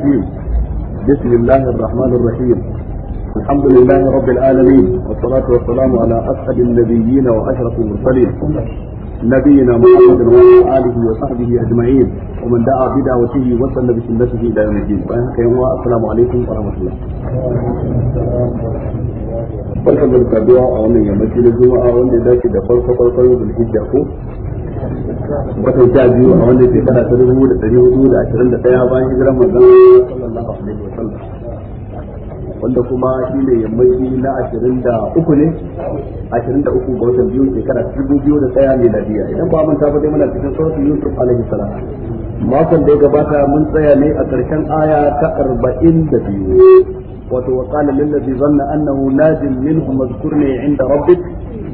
الرحيم بسم الله الرحمن الرحيم الحمد لله رب العالمين والصلاة والسلام على أسعد النبيين وأشرف المرسلين نبينا محمد وعلى آله وصحبه أجمعين ومن دعا بدعوته وسن بسنته إلى يوم الدين السلام عليكم ورحمة الله barkan da saduwa a wannan yammaci na juma'a wanda ya dace da farko ko watan sha biyu a wannan shekara ta dubu da ɗari hudu da ashirin da ɗaya bayan hijiran manzon sallallahu wanda kuma shi ne yammaci na ashirin da uku ne ashirin da uku ga watan biyu shekara ta dubu biyu da ɗaya miladiya idan ba manta ba dai muna cikin sautin yusuf alaihi salam makon da ya gabata mun tsaya ne a ƙarshen aya ta arba'in da biyu wato wa qala lil ladzi zanna annahu najin minhum mazkurni inda rabbik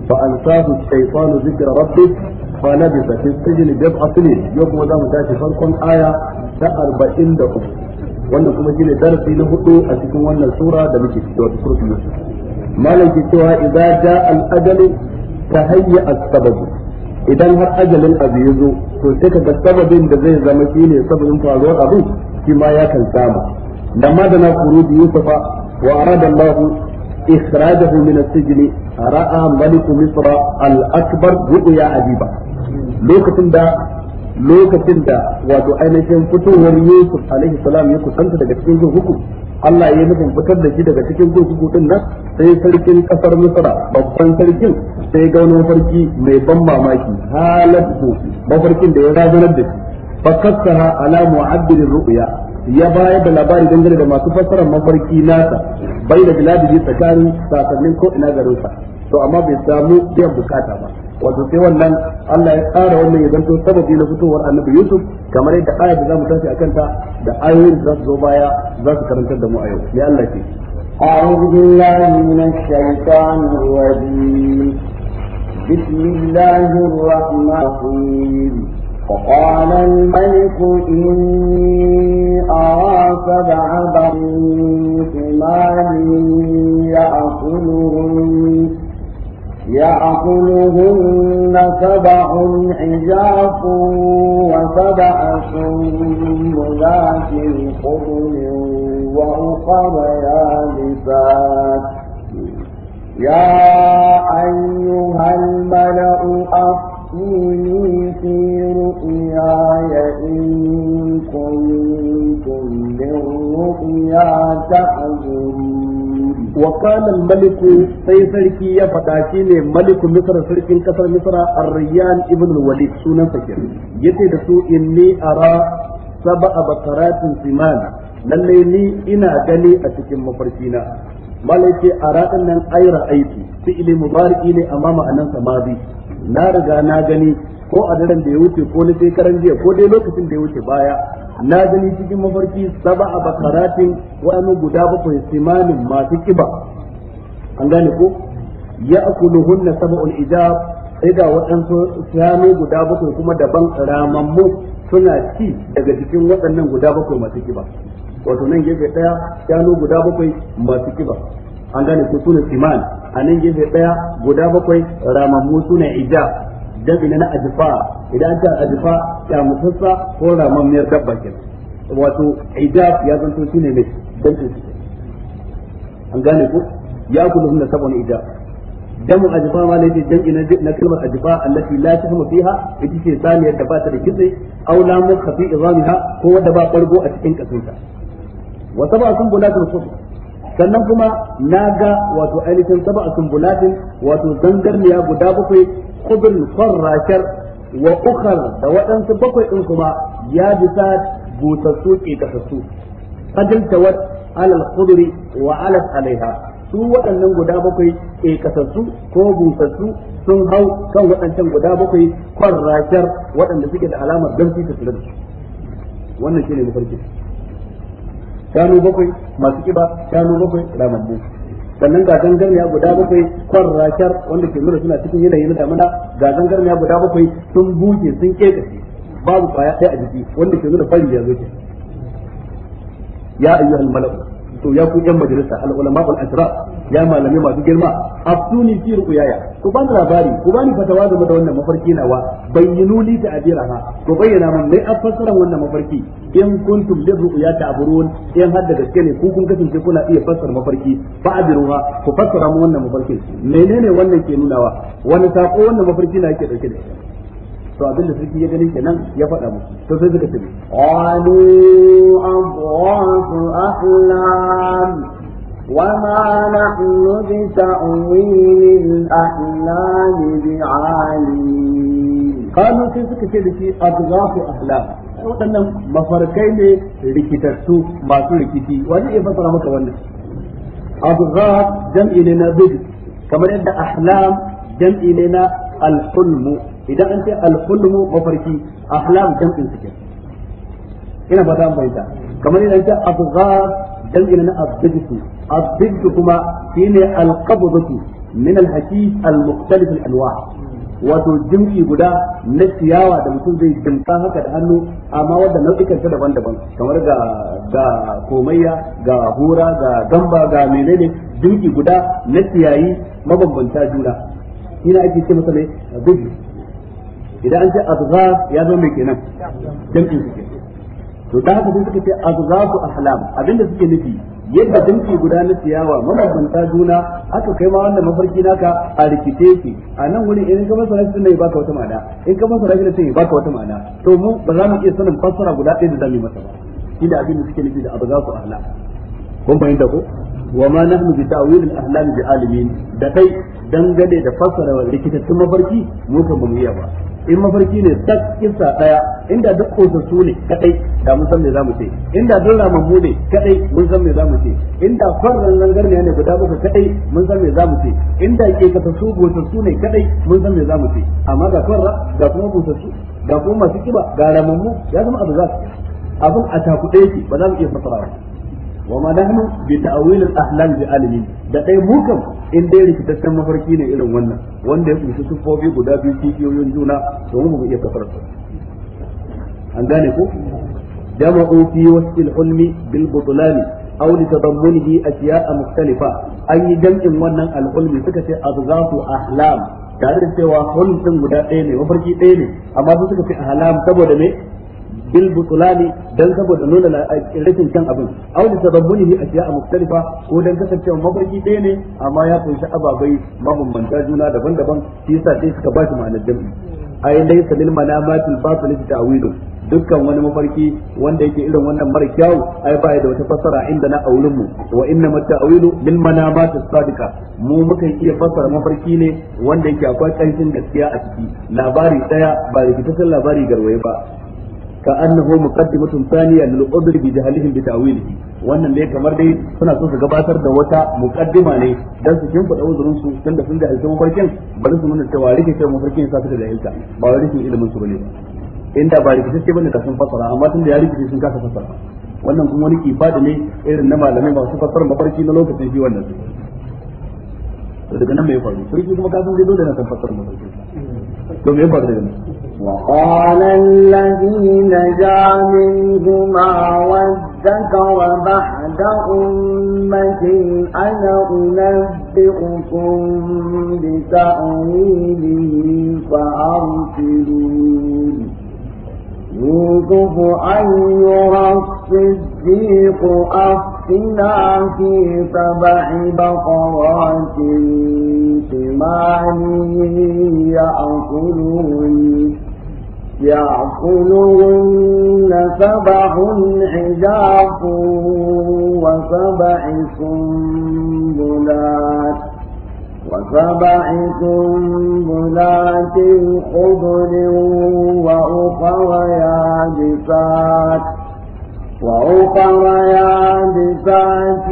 fa ansahu shaytanu dhikra rabbik kwana bi sa fi sijil bab asli yau kuma za mu tashi farkon aya ta 43 wannan kuma shine darasi na hudu a cikin wannan sura da muke cikin wata sura Yusuf malam ke cewa idan jaa al ta tahayya as sabab idan har ajalin abu ya zo to sai ka kaga sababin da zai zama shi ne sababin faruwar abu shi ma ya kan samu lamma da na kuruji yusufa wa arada Allah إخراجه من السجن رأى ملك مصر الأكبر رؤيا عجيبة lokacin da lokacin da wato ainihin fitowar Yusuf alaihi salam ya kusanta daga cikin hukum Allah ya nufin fitar da shi daga cikin kurkuku din nan sai sarkin kasar Misra babban sarkin sai ga wani mai ban mamaki halatu mafarkin da ya razanar da shi fakassaha ala mu'abbirin ru'ya ya bayar da labari dangane da masu fassarar mafarki nasa bai da biladi tsakanin sasannin ko ina garinsa to amma bai samu biyan bukata ba wato sai wannan Allah ya kara wannan ya zanto sababi na fitowar annabi Yusuf kamar yadda aya da zamu tafi akan ta da ayoyin da za su zo baya za su karantar da mu a yau ya Allah na أعوذ بالله من الشيطان الرجيم بسم الله الرحمن الرحيم وقال الملك إني أرى سبع يأكلهن يأكلهن سبع عجاف وسبع سنبلات خضر وأخر يابسات يا أيها الملأ أفتيني في رؤياي إن كنتم للرؤيا تعجبون وقال sai Sarki ya يا shi ne ملك مصر سركين كسر مصر الريان ابن الوليد سنن سكر yace da su inni ara sab'a bakaratin simana lalle ni ina gani a cikin mafarkina. na ara din nan ai ra'aiti fi'li mudari ne amma ma'anan sa mazi na riga na gani ko a daren da ya wuce ko na shekaran jiya ko dai lokacin da ya wuce baya na gani cikin mafarki sab'a bakaratin wani guda bakwai simanin masu kiba an gane ko ya akuluhunna saba ijab sai ga waɗansu shanu guda bakwai kuma daban ramammu suna ci daga cikin waɗannan guda bakwai masu kiba wato nan gefe ɗaya shanu guda bakwai masu kiba an gane ko suna siman a nan gefe ɗaya guda bakwai ramammu suna ijab dabina na ajfa idan ta ajfa ya musassa ko ramammiyar dabba ke wato idab ya zanto ne mai dabin su an gane ku ya kullu hunna sabon idab damu ajfa ma laifin lafi jam'i na kalmar ajfa allati la tahmu fiha ita ce saniyar da ba ta da kitse aw la mukhafi izamiha ko wadda ba bargo a cikin kasunta wa sab'a sunbulatul khusr sannan kuma na ga wato ainihin sab'a sumbulatin wato zangarniya guda bakwai khudrin farrashar wa da waɗansu bakwai ɗin kuma ya bisa busassu ke kasassu qadil tawat alal al wa alas alaiha su waɗannan guda bakwai ke kasassu ko busassu sun hau kan waɗancan guda bakwai kwarrashar waɗanda suke da alamar don ta su wannan shine mafarkin shanu bakwai masu kiba shanu bakwai ramammu sannan ga ya guda bakwai kwan rashar wanda ke nuna suna cikin yanayi na damina ga ya guda bakwai sun buke sun kekace babu kwaya ɗaya a jiki wanda ke nuna fari ya zo ya ayyuhal malaku to ya ku yan majalisa al ulama wal ya malami masu girma aftuni fi ruqyaya ku bani labari ku bani fatawa game da wannan mafarki nawa bayyinu li ha ku bayyana min mai afsara wannan mafarki in kuntum li ta aburun in har da gaske ne ku kun kasance kuna iya fassara mafarki fa'diruha ku fassara mu wannan mafarki menene wannan ke nunawa wani sako wannan mafarki na yake dauke da to abin da sarki ya gani kenan ya faɗa musu to sai suka ce qalu adwasu ahlam وما نحن بتأويل الأحلام بعالمين قالوا سيسك كذلك أضغاث أحلام waɗannan mafarkai ne rikitattu masu rikici wani iya fasara maka wannan abu jam'i ne na bid kamar yadda ahlam jam'i ne na al idan an ce al-hulm mafarki ahlam jam'in su ina fata an bayyana kamar idan ta abuza jam'in na abdijtu abdijtu kuma shine al-qabdatu min al-hakif al wato jimki guda na ciyawa da mutum zai jimka haka da hannu amma wadda nau'ikan ta daban-daban kamar ga ga komayya ga hura ga gamba ga menene jimki guda na ciyayi mabambanta juna shi ne ake ce masa ne gudu idan an ce azza ya zo mai kenan jam'in su ke to da haka sun suka ce azzafu ahlam abinda suke nufi yadda dinki guda na ciyawa mabambanta juna aka kai ma wannan mafarki naka a rikice ki a nan wurin in ka masa rashin ne baka wata ma'ana in ka masa rashin ne baka wata ma'ana to mu ba za mu iya sanin fassara guda ɗaya da zamu yi masa ba inda abin da suke nufi da azzafu ahlam kun fahimta ko wa ma nahnu bi ta'wil al-ahlam bi alimin da kai dangane da likita rikitattun mafarki mu kan mu iya ba in mafarki ne sak kisa daya inda duk kosassu ne kadai da mun san me zamu ce inda duk ramammu ne kadai mun san me zamu ce inda farran zangar ne guda uku kadai mun san me zamu ce inda ke kasa su gosassu ne kadai mun san me zamu ce amma ga farra ga kuma su ga kuma masu kiba ga mu ya zama abu za su abin a takuɗe yake ba za mu iya fassara ba wa ma nahnu bi ta'wil al-ahlam bi alimin da dai mu kam in dai rikitaccen mafarki ne irin wannan wanda ya kunshi sufofi guda biyu kiyoyin juna to mu iya kafar su an gane ko jama'u fi wasfil hulmi bil butlan aw li tadammunihi asya'a mukhtalifa an yi jam'in wannan al-hulmi suka ce azghatu ahlam tare da cewa hulm din guda ɗaya ne mafarki ɗaya ne amma su suka fi ahlam saboda me bil butulani dan saboda nuna rashin kan abin aw li tadammunihi a mukhtalifa ko dan kasancewa mafarki ɗaya ne amma ya kunshi ababai mabambanta juna daban-daban shi yasa sai suka ba shi ma'anar jami'i ai laysa lil manamatil batil ta'wilu dukkan wani mafarki wanda yake irin wannan mara kyawu ai ba da wata fassara inda na aulun mu wa inna mata'awilu lil manamat as-sadiqa mu muka iya fassara mafarki ne wanda yake akwai kanshin gaskiya a ciki labari ɗaya ba rikitaccen labari garwaye ba Ka annahu كأنه مقدمة ثانية للعذر بجهلهم بتأويله wannan dai kamar dai suna so su gabatar da wata muqaddima ne dan su kin faɗa uzurin su tun da sun da halta mafarkin bari su nuna cewa rike kai mafarkin sa suka jahilta ba wai rikin ilimin su bane inda ba rikice ce bane da sun fasara amma tun da ya rikice sun kasa fasara wannan kuma wani kifada ne irin na malamai su fasara mafarki na lokacin shi wannan to daga nan me ya faru sarki kuma kasan zai dole na san fasara mafarkin to me ya faru daga nan وقال الذي نجا منهما والذكر بعد أمة أنا أنبئكم بتأويله فأرسلون يوسف أيها الصديق أفتنا في سبع بقرات سمان يأكلون يأكلهن سبع عجاف وسبع سنبلات وسبع سنبلات خضر وأخر يابسات وأخر يابسات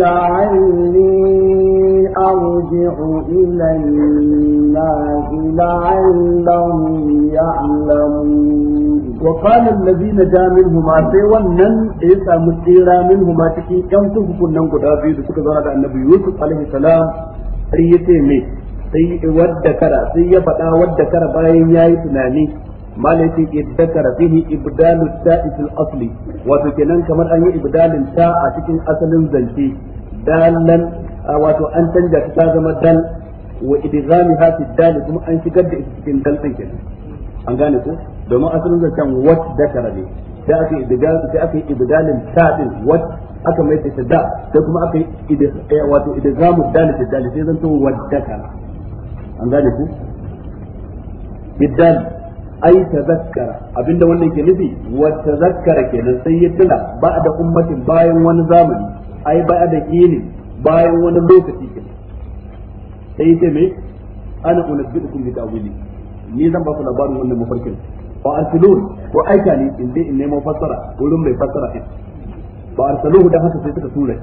لعلي أرجع إلى الناس لعلهم يعلمون وقال الذي نجا منهما سي ونن إيسا مسيرا منهما تكي كم تفكر ننقو دابي دكتور زرد النبي يوسف عليه السلام ريتي مي sai wadda kara sai ya faɗa wadda kara bayan ya yi tunani malai ce iddakara fihi ibdalu ta'i fil asli wato kenan kamar an yi ta a cikin asalin zance dalan wato an canja ta zama dal wa fi dal kuma an shigar da ita cikin dal din kenan an gane ko domin asalin zancen aka sai aka yi ta din aka mai ta da sai kuma aka yi eh, wato dal dal sai an gane ko ai tazakkara abinda wannan ke nufi wa tazakkara kenan sai ya tuna ba da ummatin bayan wani zamani ai ba da kini bayan wani lokaci ke sai yace me ana unabbiukum bi ta'wili ni zan ba ku labarin wannan mafarkin wa arsilun wa aika ni in dai in nemo fassara wurin mai fassara din ba arsaluhu da haka sai suka tura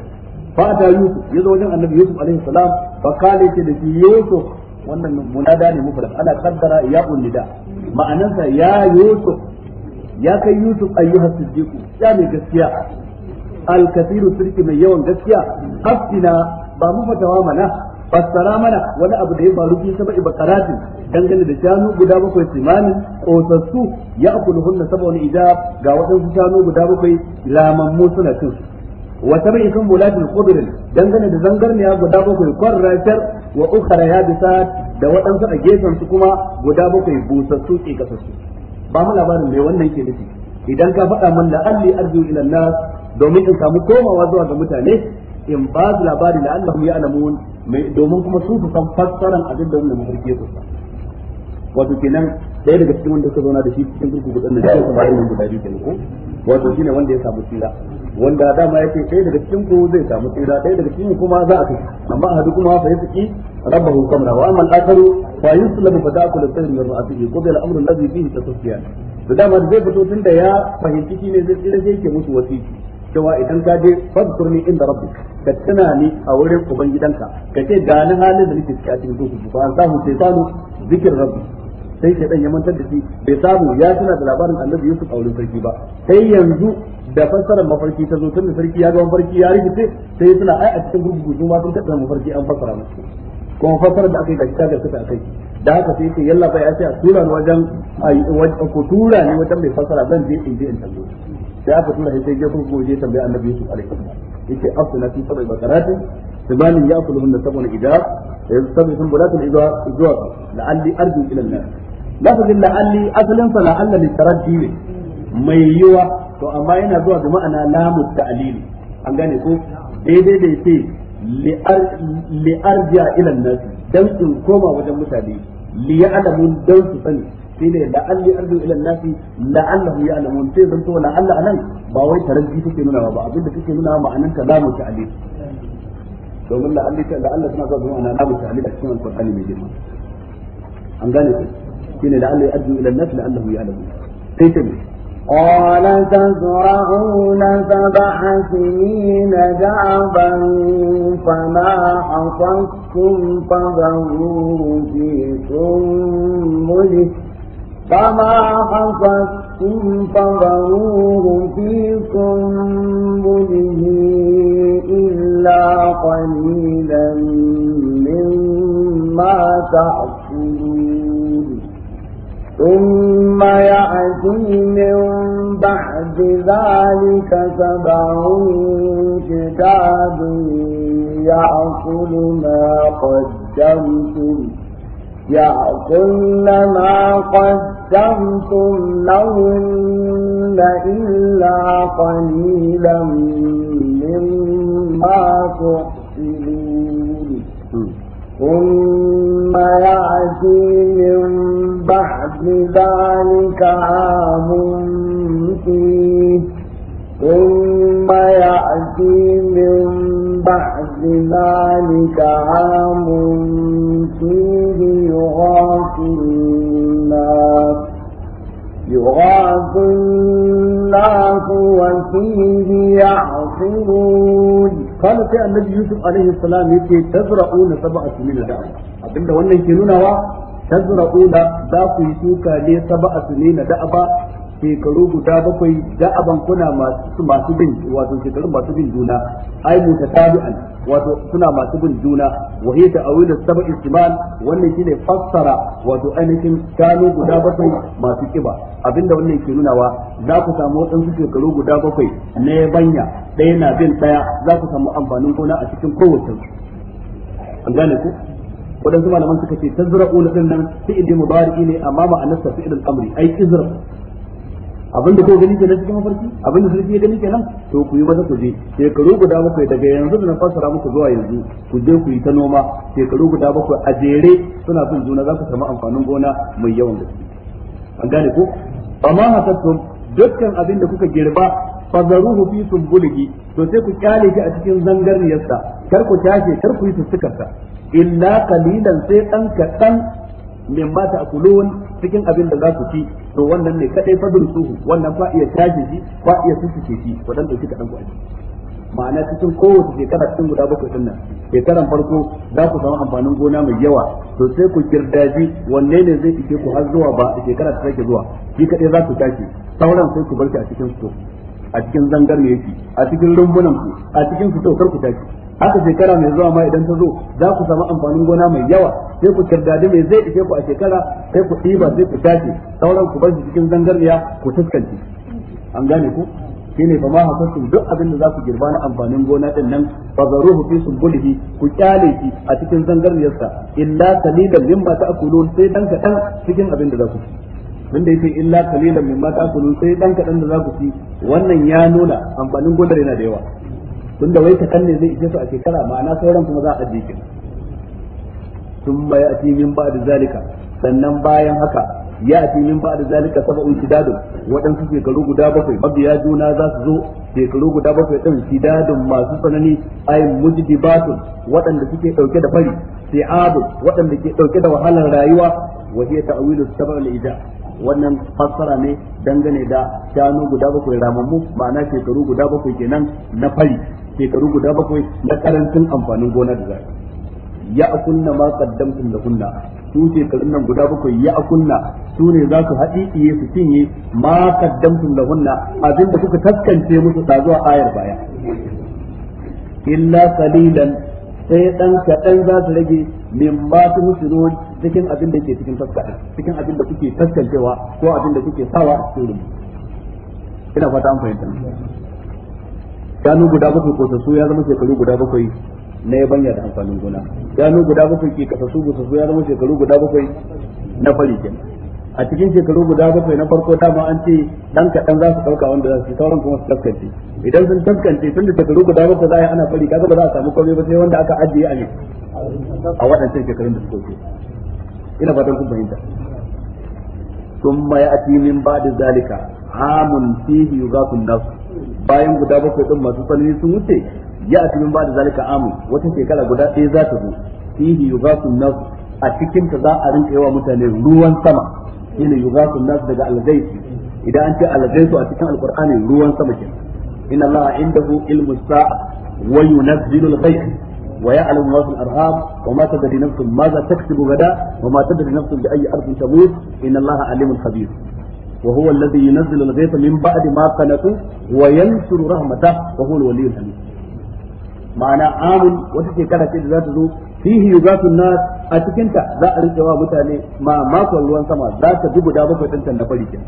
fa ata yusuf yazo wajen annabi yusuf alaihi salam fa kale ce da yusuf wannan munada ne mufrad ana kaddara ya ulida ma'anansa ya yusuf ya kai yusuf ayyuhas siddiqu ya mai gaskiya alkasiru sirki mai yawan gaskiya Hafsina ba mu fatawa mana fassara mana wani abu da ya faru fi saba ibakaratin dangane da shanu guda bakwai simanin kosassu ya akuluhunna saba wani ijab ga wadansu shanu guda bakwai lamammu suna cin su wa sabai sun mulatin kubirin dangane da zangarniya guda bakwai kwarratar wa ukhra ya bisa da waɗansu a gefen su kuma guda bakwai busassu ke kasassu ba mu labarin mai wannan ke nufi idan ka faɗa min la'alli arju ila nas domin in samu komawa zuwa ga mutane in ba su labari da Allah ya alamun domin kuma su su san fassaran abin da wannan mafarki su wato kenan ɗaya daga cikin wanda suka zauna da shi cikin kurkuku ɗin da shi kuma ɗin guda biyu kenan ko wato ne wanda ya samu tsira wanda dama ya ce ɗaya daga cikin ku zai samu tsira ɗaya daga cikin kuma za a kai amma a haɗu kuma fa rabba rabbahu kamra wa amma al-akharu fa yuslamu fa ta'kulu al-sayr ko ra'sihi qad da zai alladhi ta tasfiyan da dama zai fito tunda ya fahimci ne zai tsira sai ke musu wasiki cewa idan ka je fadkurni inda rabbik ka tuna ni a wurin ubangidanka ka ce ga ni halin da nake cikin cikin duhu fa an samu sai samu zikir rabbi sai shaytan ya mantar da shi bai samu ya tuna da labarin annabi Yusuf a wurin sarki ba sai yanzu da fassarar mafarki ta zo tun da sarki ya ga mafarki ya rikice sai ya tuna ai a cikin gurgugu su ma sun taɓa mafarki an fassara musu kuma fassarar da aka yi da gashi ta gaskata a kai da haka sai ce yalla bai ya ce a tura ni wajen ko tura ni wajen mai fassara zan je in je in tallo sai aka tuna sai ya kurku je tambaya annabi Yusuf alaihi salam yace asna fi sab'i bakaratin sabanin ya'kuluhunna sab'un idab sab'i sunbulatin idab zuwa la'alli arju ilan nan nar lafazin la'alli asalin sa la'alla li taraddi ne mai yiwa to amma yana zuwa da ma'ana lamu ta'lil an gane ko daidai da yace li arja ila an-nas dan in koma wajen mutane li ya'lamun dan su sani shine la'alli arzu ila nasi la'allahu ya'lamun sai zan to la'alla anan ba wai taranti take nuna ba abin da take nuna ma'anan ta zamu ta alif domin la'alli ta la'alla suna zuwa zuwa na zamu ta alif a cikin alqur'ani mai girma an gane ku shine la'alli arzu ila nasi la'allahu ya'lamun sai ta ne قال تزرعون سبع سنين دعبا فما حصدتم فذروه في سنبله فما حفظتم فذروه في سنبله إلا قليلا مما تأكلون ثم يأتي من بعد ذلك سبع كتاب يأكل ما قدمتم يأكلن ما قدمتم لهن إلا قليلا مما تحسنون ثم يأتي من بعد ذلك عام فيه ثم يأتي من بعد ذلك عام فيه يغاث الناس يغاث الناس وفيه يعصرون قال سي النبي يوسف عليه السلام يكي تزرعون سبع سنين دعوة abinda wannan ke nunawa tazra'una za ku yi shuka ne sab'a sunina da'aba shekaru guda bakwai da kuna masu masu bin wato shekaru masu bin juna ai mutatabi'an wato suna masu bin juna wa hiya ta'awilu sab'i istimal wannan shine fassara wato ainihin kano guda bakwai masu kiba abinda wannan ke nunawa za ku samu wadansu shekaru guda bakwai na yabanya ɗaya na bin ɗaya za ku samu amfanin gona a cikin kowace an gane ku wadansu malaman suka ce tazra'u na din nan fi'il mudari ne amma ma'anarsa fi'il amri ai izra abin da ko gani kenan cikin mafarki abin da sarki ya gani kenan to ku yi maza ku shekaru guda bakwai daga yanzu da na fasara muku zuwa yanzu ku je ku yi ta noma shekaru guda bakwai a jere suna bin juna za ku samu amfanin gona mai yawan gaske an gane ko amma hasattum dukkan abin da kuka girba fazaruhu fi sumbulihi to sai ku kyale shi a cikin zangarniyarsa kar ku tashi kar ku yi sussukarsa illa qalilan sai dan kadan min ba akulun cikin abin da za su ci to wannan ne kadai fadin suhu wannan fa iya tashi shi fa iya ci shi wadan dauki kadan ku aji ma'ana cikin kowace shekara cikin guda bakwai din nan shekaran farko za ku samu amfanin gona mai yawa to sai ku kirdaji wanne ne zai fice ku har zuwa ba shekara ta sake zuwa shi kadai za ku tashi sauran sai ku bar a cikin su a cikin zangar ne yake a cikin rumbunan ku a cikin su to kar ku tashi haka shekara mai zuwa ma idan ta zo za ku samu amfanin gona mai yawa sai ku kirdadi mai zai ishe ku a shekara sai ku ɗiba sai ku tashi sauran ku bar shi cikin zangarniya ku tuskanci an gane ku shine fa ma hafasun duk abin da za ku girba na amfanin gona ɗin nan za ruhu fi bulhi, ku kyale shi a cikin zangarniyarsa illa ba ta akulu sai dan kaɗan cikin abin da za ku ci din da yake illa qalilan ta akulu sai dan kaɗan da za ku ci wannan ya nuna amfanin gona yana da yawa tunda wai ta kanne zai ishe su a shekara ma'ana sauran kuma za a ajiye shi sun ma a ci min da zalika sannan bayan haka ya ci min da zalika sab'un shidadun waɗansu shekaru guda bakwai mabiya juna za su zo shekaru guda bakwai ɗin shidadun masu tsanani ay mujdibatun waɗanda suke ɗauke da fari sai abu waɗanda ke ɗauke da wahalar rayuwa wa hiya ta'wilu sab'ul ijab wannan fassara ne dangane da shanu guda bakwai ramammu ma'ana shekaru guda bakwai kenan na fari shekaru guda bakwai na karancin amfanin gona da zai ya akunna ma qaddamtum kunna su shekarun nan guda bakwai ya akunna su ne za su haɗi iye su cinye ma qaddamtum abin abinda kuka taskance musu zuwa ayar baya illa qalilan sai dan kaɗan za su rage min ba su musulun cikin abin da ke cikin taskaɗa cikin abin da kuke taskantewa ko abin da kuke sawa a cikin rumu ina fata an fahimta shanu guda bakwai ko kosassu ya zama shekaru guda bakwai na yabanya da amfanin gona shanu guda bakwai ke ko kosassu ya zama shekaru guda bakwai na fari kenan a cikin shekaru guda bakwai na farko ma an ce dan kaɗan za su ɗauka wanda za su sauran kuma su taskance idan sun taskance tun da shekaru guda bakwai za a yi ana fari kaga ba za a samu komai ba sai wanda aka ajiye a ne a waɗancan shekarun da suka wuce ina fatan kun fahimta ثم يأتي من zalika Amun عام فيه يغاث الناس bayan guda bakwai din masu tsanani sun wuce ya a cikin bada zalika Amun wata shekara guda ɗaya za ta zo fihi yughasu nas a cikin ta za a rinka yawa mutane ruwan sama shine yughasu nas daga al idan an ce al a cikin alqur'ani ruwan sama ke inna allaha indahu ilmu sa'a wa yunazzilu al-ghayth wa ya'lamu ma fil arham wa ma tadri nafsun taksubu gada wa ma tadri nafsun bi ayyi ardin tamut inna allaha khabir ma'ana amun wata shekara ce da za ta zo fihi yughathu nas a cikin ta za a rike wa mutane ma makon ruwan sama za ta bi guda bakwai din da fari kin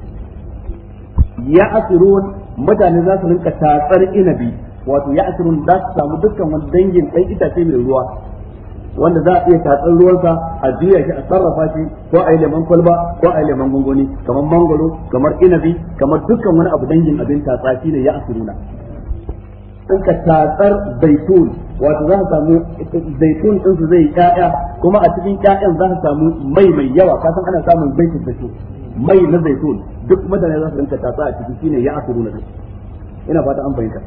ya asirun mutane za su rinka tatsar inabi wato ya asirun za su samu dukkan wani dangin ɗan itace mai ruwa wanda za a iya tatsar ruwan sa a jiya shi a sarrafa shi ko a yi lemon kwalba ko a yi lemon gungoni kamar mangoro kamar inabi kamar dukkan wani abu dangin abin tatsa shi ne ya asiruna in ka tatsar zaitun wato za ka samu zaitun din su zai ƴaƴa kuma a cikin ƴaƴan za ka samu mai mai yawa ka san ana samun zaitun zaitun mai na zaitun duk mutane za su rinka tatsa a ciki shine ya asuru na ina fata an fahimta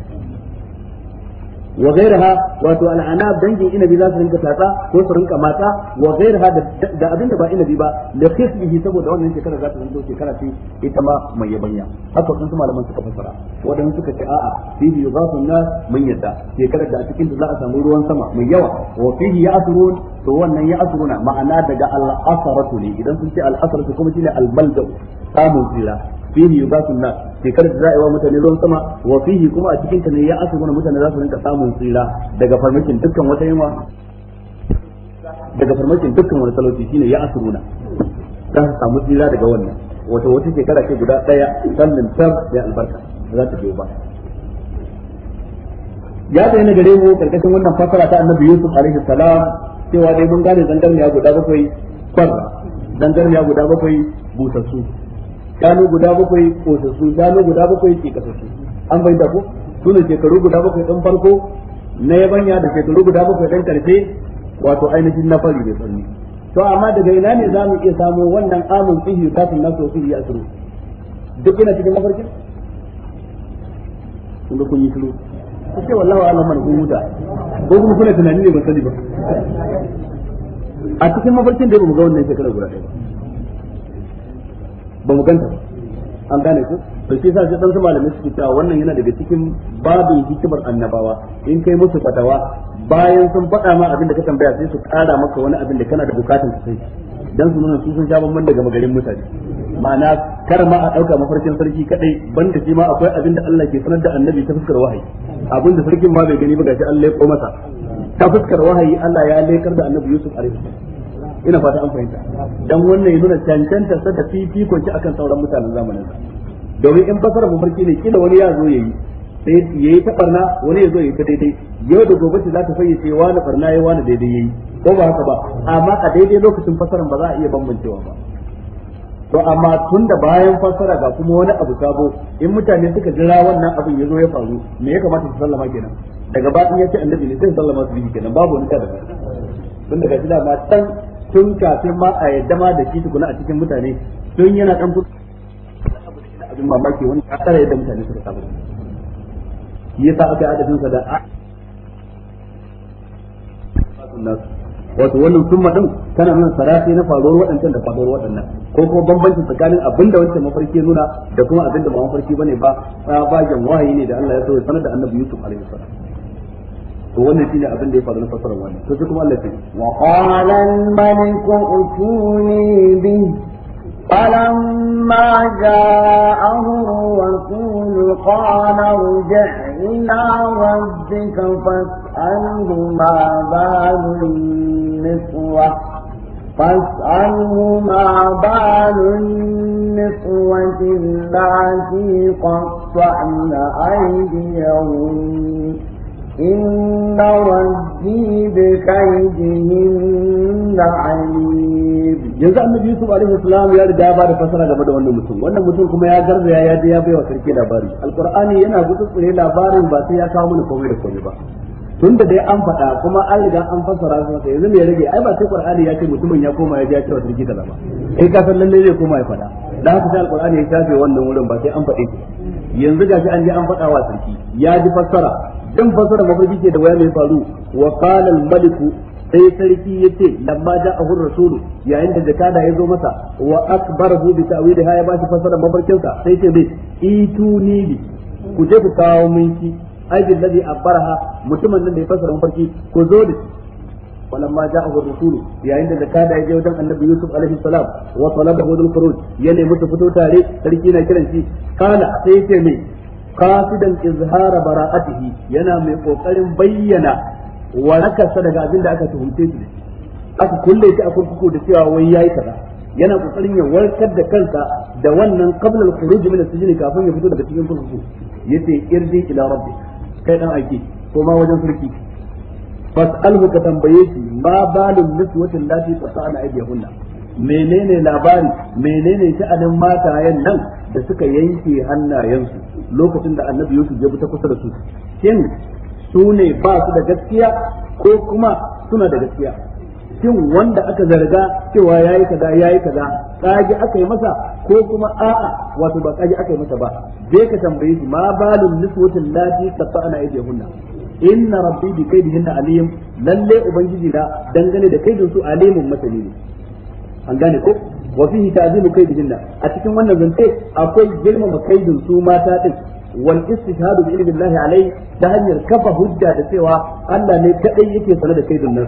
wa ghayraha wato al'anab dangin inabi za su rinka tatsa ko su rinka mata wa ghayraha da abin da ba inabi ba da khisbihi saboda wannan shekara za ta zanto shekara ce ita ma mai yabanya haka sun su malaman suka fassara wadan suka ce a'a fihi yughasu nas man yadda shekarar da a cikin za a samu ruwan sama mai yawa wa fihi ya'thurun to wannan ya'thuruna ma'ana daga al-asaratu ne idan sun ce al-asaratu kuma shine al da samun tsira fihi yughasun nas shekarar da za a yi wa mutane ruwan sama wa fihi kuma a cikin ta ne ya asibuna mutane za su rinka samun tsira daga farmakin dukkan wata yunwa daga farmakin dukkan wani talauci shine ya asiruna za su samu tsira daga wannan wata wata shekara ce guda daya sannan tar ya albarka za ta biyo ba ya bayyana gare mu karkashin wannan fasara ta annabi Yusuf alaihi salam cewa dai mun gane zangarniya guda bakwai kwarra zangarniya guda bakwai busassu shanu guda bakwai kosassu shanu guda bakwai ke kasassu an bai da ku su ne shekaru guda bakwai dan farko na yabanya da shekaru guda bakwai dan karfe wato ainihin na fari da sanni to amma daga ina ne za mu iya samu wannan amin fihi kafin nasu su yi asiru duk ina cikin mafarkin kun kun yi shiru ku ce wallahi Allah mana kun huta ko kuma kuna tunani ne ban sani ba a cikin mafarkin da ba mu ga wannan shekara guda ɗaya ba ba mu ganta ba an gane ku to shi yasa sai dan su malamin suke cewa wannan yana daga cikin babin hikimar annabawa in kai musu fatawa bayan sun faɗa ma abin da ka tambaya sai su ƙara maka wani abin da kana da bukatun su sai dan su nuna su sun sha bamban daga magarin mutane ma'ana kar ma a ɗauka mafarkin sarki kaɗai banda shi ma akwai abin da Allah ke sanar da annabi ta fuskar wahayi abin da sarkin ma bai gani ba gashi Allah ya ko masa ta fuskar wahayi Allah ya lekar da annabi Yusuf alaihi ina fata an fahimta dan wannan ya nuna cancanta sa da fifikon ki akan sauran mutanen zamanin sa domin in fasara farki ne kila wani ya zo yayi sai yayi ta barna wani ya zo yayi ta daidai yau da gobe ce za ta fayyace wani barna yayi wani daidai yayi ko ba haka ba amma a daidai lokacin fasaran ba za a iya bambancewa ba to amma tun da bayan fasara ga kuma wani abu sabo in mutane suka jira wannan abin ya zo ya faru me ya kamata su sallama kenan daga ba ya ce annabi ne zai sallama su bi kenan babu wani kada tun daga shi da ma san tun kafin ma a yadda ma da shi tukuna a cikin mutane tun yana kan fito abin mamaki wani ya tsara yadda mutane suka saba yasa aka yi adadin sa da a wato wannan summa din tana nuna sarati na faruwar waɗancan da faruwar waɗannan ko kuma bambancin tsakanin abin da wancan mafarki nuna da kuma abin da ba mafarki bane ba tsabagen wahayi ne da Allah ya so ya sanar da Annabi Yusuf alaihi salam to wannan shine abin da ya faru na fasarar wannan to sai kuma Allah ya ce wa qala al-malik utuni bi فلما جاءه الرسول قال ارجع إلى ربك فاسأله ما بال النسوة فاسأله ما بال النسوة التي قطعن أيديهن إن ربي بكيدهن عليم جزاء annabi يوسف عليه السلام يا riga ba da fasara game da wannan mutum wannan mutum kuma يا garzaya يا بي ya baiwa القرآن ينا قصص إليه gutsutsure labarin يا كامل ya kawo tun da dai an faɗa kuma an riga an fassara su sai yanzu me rage ai ba sai qur'ani ya ce mutumin ya koma ya ji ya ce wa sarki ba kai ka san lalle zai koma ya faɗa dan haka sai alqur'ani ya shafe wannan wurin ba sai an faɗe shi yanzu gashi an ji an faɗa wa sarki ya ji fassara dan fasara mafarki ke da waya mai faru wa qala al malik sai sarki yace lamma da ar-rasul yayin da jakada ya zo masa wa akbar bi ta'wiliha ya shi fasara mafarkin sa sai ce bai ituni bi ku je ku kawo min ki ajin ladhi abarha mutumin nan da ya fasara mafarki ku zo da shi ولما جاءه الرسول يا عند زكاة يجي ودن النبي يوسف عليه السلام وطلبه الخروج يلي متفتو تاري تركينا كلنشي قال سيتمي qasidan izhara bara'atihi yana mai kokarin bayyana warakarsa daga abin da aka tuhumce shi aka kulle shi a kurkuku da cewa wai yayi kaza yana kokarin ya warkar da kansa da wannan qabla al-khuruj min as-sijn kafin ya fito daga cikin kurkuku yace irji ila rabbi kai dan aiki ko ma wajen sarki fas'alhu ka tambaye shi ma musu niswatin lati qata'na aydihunna menene labari menene sha'anin matayen nan da suka yanke hannayensu lokacin da annabi Yusuf ya bi ta kusa da su kin su ne ba su da gaskiya ko kuma suna da gaskiya kin wanda aka zarga cewa yayi kaza yayi kaza kaji aka yi masa ko kuma a'a wato ba kaji aka yi masa ba zai ka tambaye shi ma balun niswatin lati qata'na hunna inna rabbi bi kaydihinna alim lalle ubangiji da dangane da kaidin su alimun masani ne an gane ko wa fihi ta'zimu kaydihinna a cikin wannan zance akwai girmama kaidin su mata din wal istishhadu bi ilmi Allah alai ta hanyar kafa hujja da cewa Allah ne kadai yake sanar da kaidin nan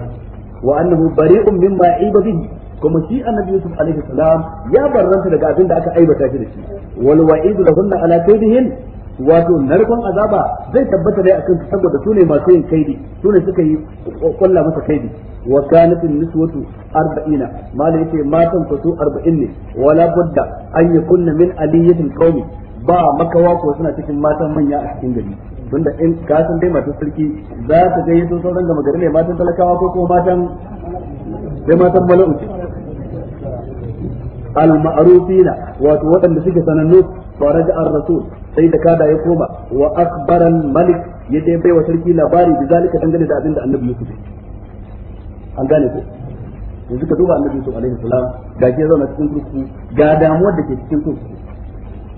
wa annahu bari'un mimma aiba bihi kuma shi annabi Yusuf alaihi salam ya barranta daga abin da aka aibata shi da shi wal wa'idu lahunna ala kaydihin wato narkon azaba zai tabbata dai akan saboda su ne masu yin kaidi su ne suka yi kwalla masa kaidi wa kanat niswatu 40 malai yace matan ku su 40 ne wala budda an yakunna min aliyatil qaumi ba makawa ko suna cikin matan manya a cikin gari tunda in ka san dai matan sarki za ta ga yato sauran ga gari ne matan talakawa ko kuma matan dai matan mala'u al-ma'rufina wato waɗanda suke sanannu faraja ar-rasul sai da kada ya koma wa akbaran malik ya dai bai wa sarki labari bi zalika dangane da abin da annabi yake an gane ko yanzu ka duba annabi su alaihi salam ga ke zauna cikin kurkuku ga damuwar da ke cikin kurkuku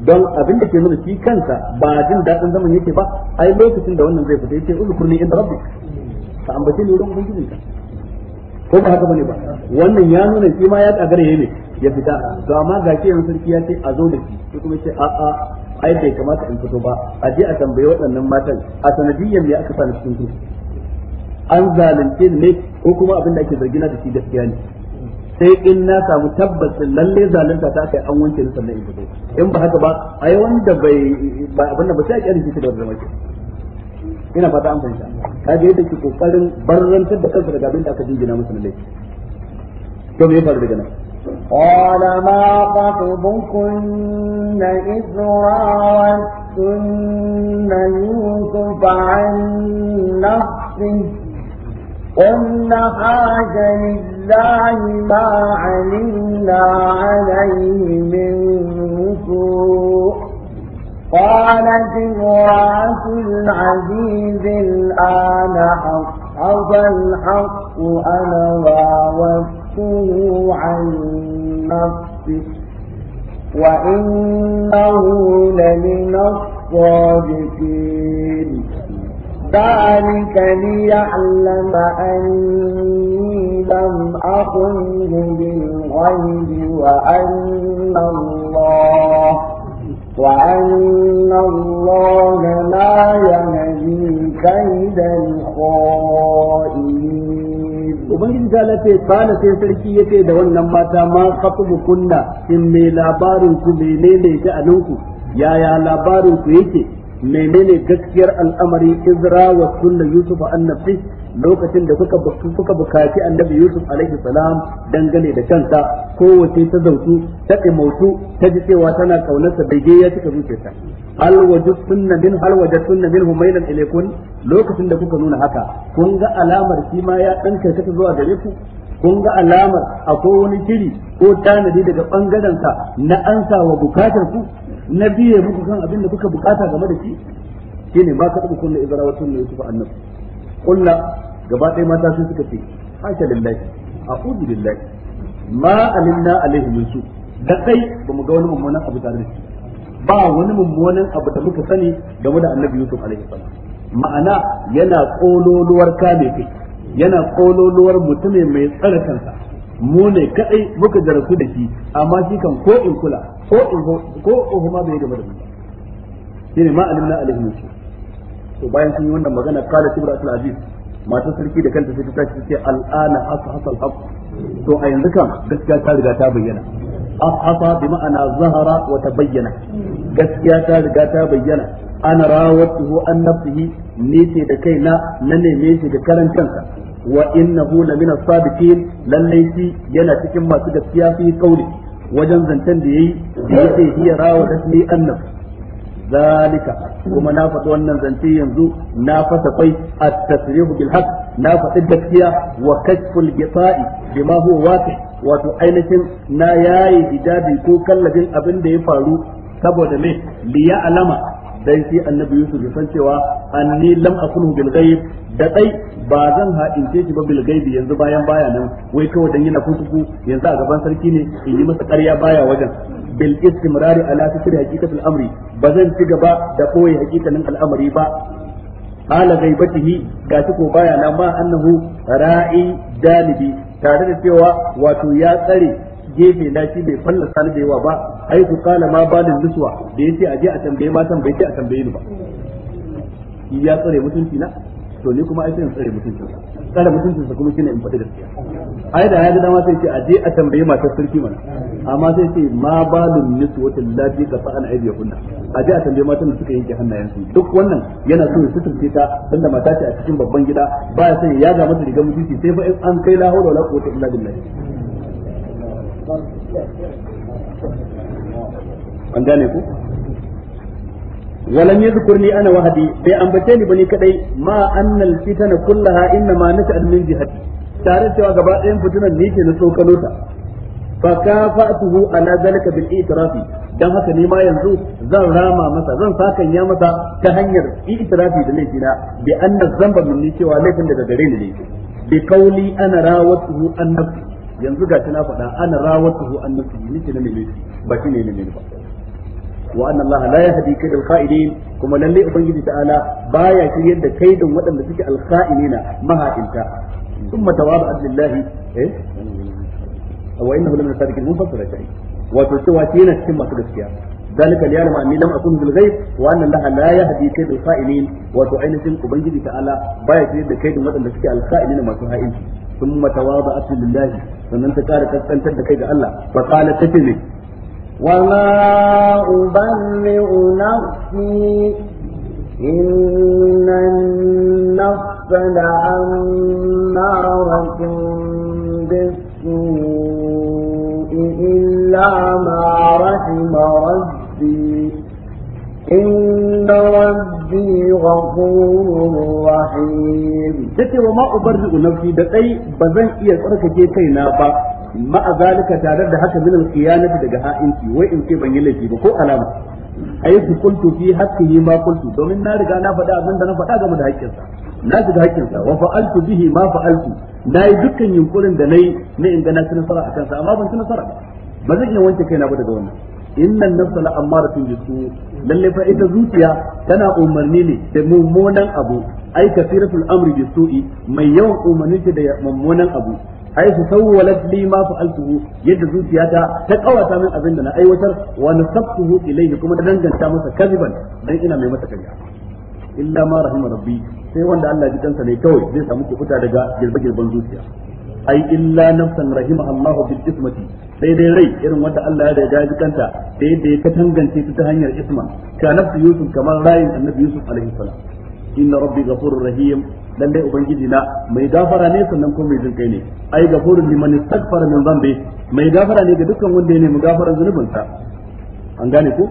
don abin da ke nuna shi kansa ba jin daɗin zaman yake ba ai lokacin da wannan zai fita yace kurni inda rabbi ka ambace ni wurin ka ko ba haka bane ba wannan ya nuna shi ma ya kagare ne ya fita to amma ga ke yanzu sarki ya ce a zo da shi ko kuma ce a a ai bai kamata in fito ba a je a tambaye waɗannan matan a sanadiyyan me aka sa cikin kurkuku an zalunce ni ne ko kuma abin da ake zargina da shi gaskiya ne sai in na samu tabbacin lalle zalunta ta kai an wanke ni sannan in fito in ba haka ba ai wanda bai ba abin da ba sai a kiyaye shi da zama ke ina fata an fahimta kaga yadda ke kokarin barrantar da kansa daga abin da aka jingina musu na laifi to me ya faru daga nan قال ما خطبكن إذ راوتن يوسف عن نفسه قلنا حاجة لله ما علمنا عليه من سوء قالت امرأة العزيز الآن حصحص الحق أنا راودته عن نفسه وإنه لمن الصادقين ذلك ليعلم أني لم أخنه بالغيب وأن الله وأن الله لا يهدي كيد الخائن ta lafe tsala sai sarki ya ce da wannan mata ma kafa bu in mai labarin ku mai ne ne ta yaya labarinku yake menene gaskiyar al'amari izra wa kullu yusuf an nafsi lokacin da kuka kuka bukaci annabi yusuf alaihi salam dangane da kanta kowace ta zautu ta kaimautu ta ji cewa tana kaunarsa daidai ya cika zuciyarta hal wajud sunna min hal wajud sunna min humaylan ilaykum lokacin da kuka nuna haka kun ga alamar shi ma ya dan karkata zuwa gare ku kun ga alamar akwai wani shiri ko tanadi daga bangaren sa na ansa wa bukatar ku na biye muku kan abin da kuka bukata game da shi shine ba ka tabu kunna izra wa sunna yusuf annabi kullu gaba ɗaya mata sun suka ce hasha lillahi a'udhu billahi ma alimna alaihi yusuf da kai ba mu ga wani mummunan abu tare da shi ba wani mummunan abu da muka sani game da annabi yusuf alaihi salam ma'ana yana kololuwar kame kai yana kololuwar mutumin mai tsare kansa mu ne kadai muka jarasu da shi amma shi kan ko in kula ko ko ohu ma bai game da mu shine ma alimna alaihi musu to bayan sun yi wannan magana kala tibratul aziz matar sarki da kanta sai ta tashi ce al'ana ashasal haqq to a yanzu kan gaskiya ta riga ta bayyana ashasa bi ma'ana zahara wa tabayyana gaskiya ta riga ta bayyana ana rawatuhu an nafsihi ni ce da kaina na neme shi da karan kansa wa innahu lamina sadiqin lalle shi yana cikin masu gaskiya fi kauli wajen zancen da yayi da yake hiya rawa dasli annab zalika kuma na faɗi wannan zance yanzu na fasa kai at-tasrihu bil haqq na faɗi gaskiya wa kashful gita'i bima huwa waqi wato ainihin na yayi hijabi ko kallabin abin da ya faru saboda me liya alama dan shi annabi yusuf ya san cewa anni lam akulhu bil ghaib da dai ba zan ce shi ba bil gaibi yanzu bayan baya nan wai kawai dan yana kutuku yanzu a gaban sarki ne in yi masa ƙarya baya wajen bil istimrari ala fikri haqiqatul amri ba zan ci gaba da koyi haqiqanin al'amari ba ala ga gashi ko baya nan ma annahu ra'i dalibi tare da cewa wato ya tsare gefe na shi bai falla ni da yawa ba ai ku kana ma balin nuswa da yace aje a tambaye ma bai ce a tambaye ni ba ya tsare mutunci na to ni kuma ai sai in tsare mutuncin sa tsare mutuncin sa kuma kina in faɗi gaskiya ai da ya ga dama sai ce aje a tambaye ma sarki mana amma sai ce ma balun ta lati ka fa'an aibi ya kunna aje a tambaye matan da suka yanke hannayen su duk wannan yana so ya sutunce ta tunda mata ce a cikin babban gida ba ya sai ya ga mata rigar mutunci sai fa an kai la hawla wala quwwata illa billah an gane ku ولم يذكرني ana wahdi sai ambace ni bane kadai ma annal fitana kullaha inna ma nasad min jihati tare cewa gaba ɗayan fitunan ne ke na tsokano ta fa kafatuhu ala zalika bil itirafi dan haka ne ma yanzu zan rama masa zan saka ya masa ta hanyar itirafi da laifina bi anna zamba ni cewa laifin daga gare ni ne bi kauli ana rawatuhu an nafsi yanzu ga na faɗa ana rawatuhu an nafsihi nake na nemi ba shi ne nemi ba wa anna allaha la yahdi kayd al-qa'ilin kuma lalle ubangiji ta'ala baya shiryar da kaidan waɗanda suke al-qa'ilina maha'inta thumma tawaba lillahi eh wa innahu lamin sadiqin munfasira shay'i wato cewa shi yana cikin masu gaskiya ذلك ليعلم اني لم اكن بالغيب وان الله لا يهدي كيد الخائنين وتعين سن ubangiji ta'ala baya shiryar da kaidin waɗanda suke eh? al masu ha'inci ثم تواضعت لله فمن تكار تستنت كيد الله فقالت تتلي وما أبرئ نفسي إن النفس لعن لعمارة بالسوء إلا ما رحم ربي إن ربي غفور رحيم تتي وما أبرئ نفسي دقي بزن إيا ترك جيكي نابا ما ذلك تعرض حتى من الخيانة دقها إنتي وإن كي بني لكي بكو ألام أي قلت في حقه ما قلت ومن نار قانا فدا أبن دنا فدا قم دا حكيسا ناس دا حكيسا وفعلت به ما فعلت na yi dukkan yunkurin da na yi na in ga na ci nasara a kansa amma ban ci nasara ba ba zan iya wanke kaina ba daga wannan innan nafsa la amaratun bisu lalle fa ita zuciya tana umarni ne da mummunan abu ai kasiratul amri bisu'i mai yawan umarni ta da mummunan abu ai su sawwalat li ma fa'altuhu yadda zuciyata ta kawata min abin da na aiwatar wa nasabtuhu ilayhi kuma da danganta masa kaziban dan ina mai masa kariya illa ma rahima rabbi sai wanda Allah ya ji ne kawai zai samu kufuta daga girbe-girben zuciya ai illa nafsan rahimahallahu bil ismati sai dai rai irin wanda Allah ya riga ji kanta da yadda ya katangance ta ta hanyar isma ka nafsu yusuf kamar rayin annabi yusuf alaihi salam inna rabbi ghafurur rahim dan dai ubangiji na mai gafara ne sannan kuma mai jin kai ne ai ghafurur liman istaghfara min dhanbi mai gafara ne ga dukkan wanda ya nemi gafaran zunubinsa an gane ko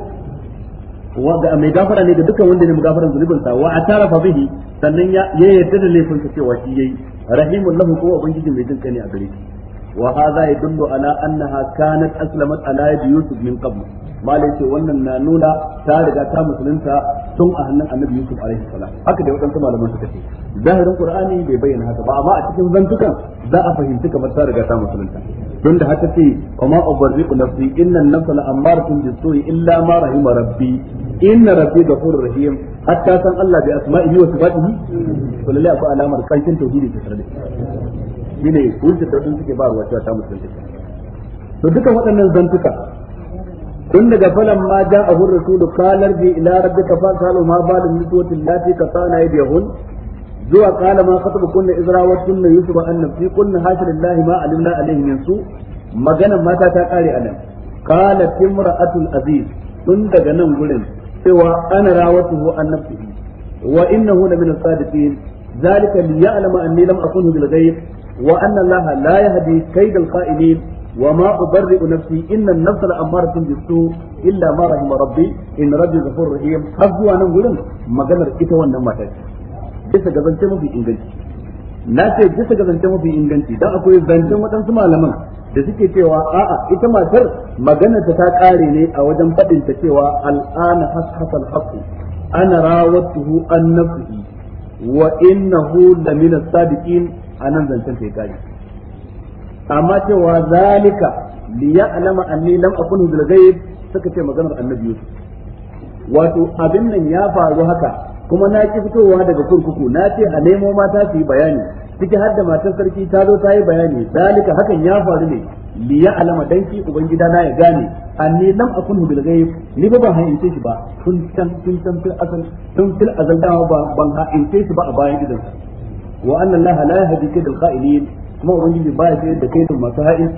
wanda mai gafara ne ga dukkan wanda ya nemi gafaran zunubinsa wa atarafa bihi sannan ya yarda da laifinsa cewa shi yayi rahimul lahu ko ubangiji mai jin kai ne a gare shi wa hadha yadullu ala annaha kanat aslamat ala yadi yusuf min qabl malai wannan na nuna ta riga ta musulunta tun a hannun annabi yusuf alaihi salam haka da wadansu malaman suka ce zahirin qur'ani bai bayyana haka ba amma a cikin zantukan za a fahimci kamar ta riga ta musulunta don da haka ce kuma ubarriqu nafsi inna an-nafsa la'amaratun bis-su'i illa ma rahima rabbi inna rabbi ghafurur rahim hatta san Allah bi asma'ihi wa sifatihi to lalle akwai alamar kankin tauhidi ta tare shine hujjar da wadanda suke ba ruwa cewa ta musulunta to dukan waɗannan zantuka tun daga falan ma ja a hun rasulu kalar bi ila rabbika fa salu ma balin mutuwatin lati ka sana hun, zuwa kala ma khatabu kunna izrawat kunna yusuf an nafsi kunna hasilillahi ma alimna alaihi min su magana mata ta kare Kala qalat Atul aziz tun daga nan gurin cewa ana rawatuhu an nafsihi wa innahu la min as-sadiqin zalika liya'lama anni lam akunhu bil ghaib wa anna allaha la yahdi kaydal qa'ilin wa ma ubarri'u nafsi inna an-nafsa la'amaratun bis-su illa ma rahima rabbi in rabbi ghafurur rahim har zuwa nan gurin maganar ita wannan mata bisa ga zance mafi inganci na ce bisa ga zance mafi inganci dan akwai zancen waɗansu malaman da suke cewa a'a ita matar maganar ta ƙare ne a wajen faɗin ta cewa al'ana hashasal haqqi ana tuhu an nafsihi wa innahu lamina sadiqin anan zancen sai kare amma cewa zalika li ya'lama anni lam akunu bil ghaib suka ce maganar annabi Yusuf wato abin nan ya faru haka kuma na ki fitowa daga kurkuku na ce a nemo mata su yi bayani ciki har da matan sarki ta zo ta yi bayani zalika hakan ya faru ne liya dan alama danki ubangida na ya gane anni lam akunu bil ghaib ni ba ban hayyace shi ba tun tun tun tun asal tun fil azal ba ban hayyace shi ba a bayan idan wa anna allaha la yahdi kaydal qa'ilin kuma ubangiji baya ce da kaidin masu ha'in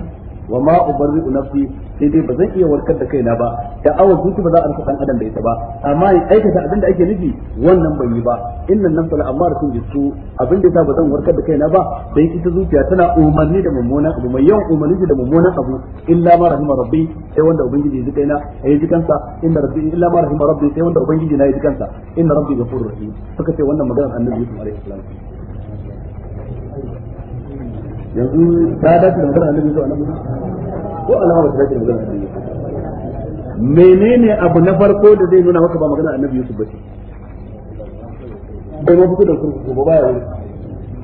wa ma ubarri'u nafsi sai dai ba zan iya warkar da kaina ba da awar zuci ba za a rasa dan adam da ita ba amma in aikata abin da ake nufi wannan ban yi ba innan nafsa amma amaratun bisu abin da yasa ba zan warkar da kaina ba dan ita zuciya tana umarni da mummunan abu mai yawan umarni da mummunan abu illa ma rahima rabbi sai wanda ubangiji ya ji kaina ya ji kansa inna rabbi illa ma rahima rabbi sai wanda ubangiji na ya ji kansa inna rabbi ghafurur rahim suka ce wannan maganar annabi Yusuf alaihi salam yanzu ta dace da magana annabi zuwa annabi ko alama ba ta dace da magana annabi menene abu na farko da zai nuna maka ba magana annabi Yusuf ba ce bai ma fito da kurkuku ba baya wani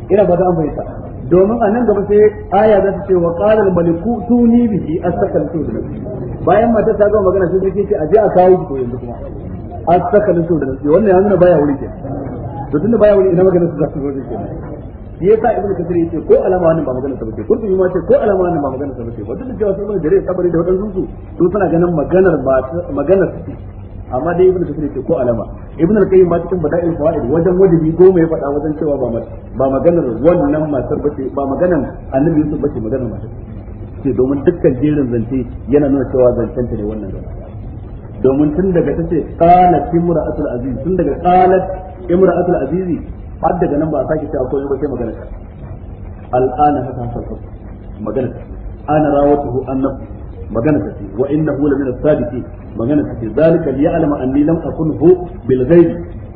ina ba ta an bayyana domin a nan gaba sai aya za ta ce wa qala al maliku tuni bihi astakaltu da nabi bayan mata ta gama magana sai take ce aje a kawo ki yanzu kuma astakaltu da nabi wannan ya nuna baya wuri ke to tunda baya wuri ina magana su za su zo da kenan shi yasa ibnu kathir yace ko alama wannan ba magana sabace kurtubi ma ce ko alama wannan ba magana bace wanda da cewa ibnu jarir tabari da wadansu su su suna ganin maganar ba ta su amma dai ibnu kathir yace ko alama ibnu al-qayyim ma cikin bada'il fawaid wajen wajibi goma ya faɗa wajen cewa ba ma ba maganar wannan matar bace ba maganar annabi yusuf bace maganar matar ce domin dukkan jerin zance yana nuna cewa zancen ta ne wannan gaba domin tun daga tace qalat imra'atul aziz tun daga qalat imra'atul azizi har daga nan ba a sake ta komai ba sai magana ta al'ana haka hasal ku magana ta ana rawatuhu annabi magana ta ce wa innahu la min as-sadiqin magana ta ce zalika liya'lama anni lam hu bil ghaib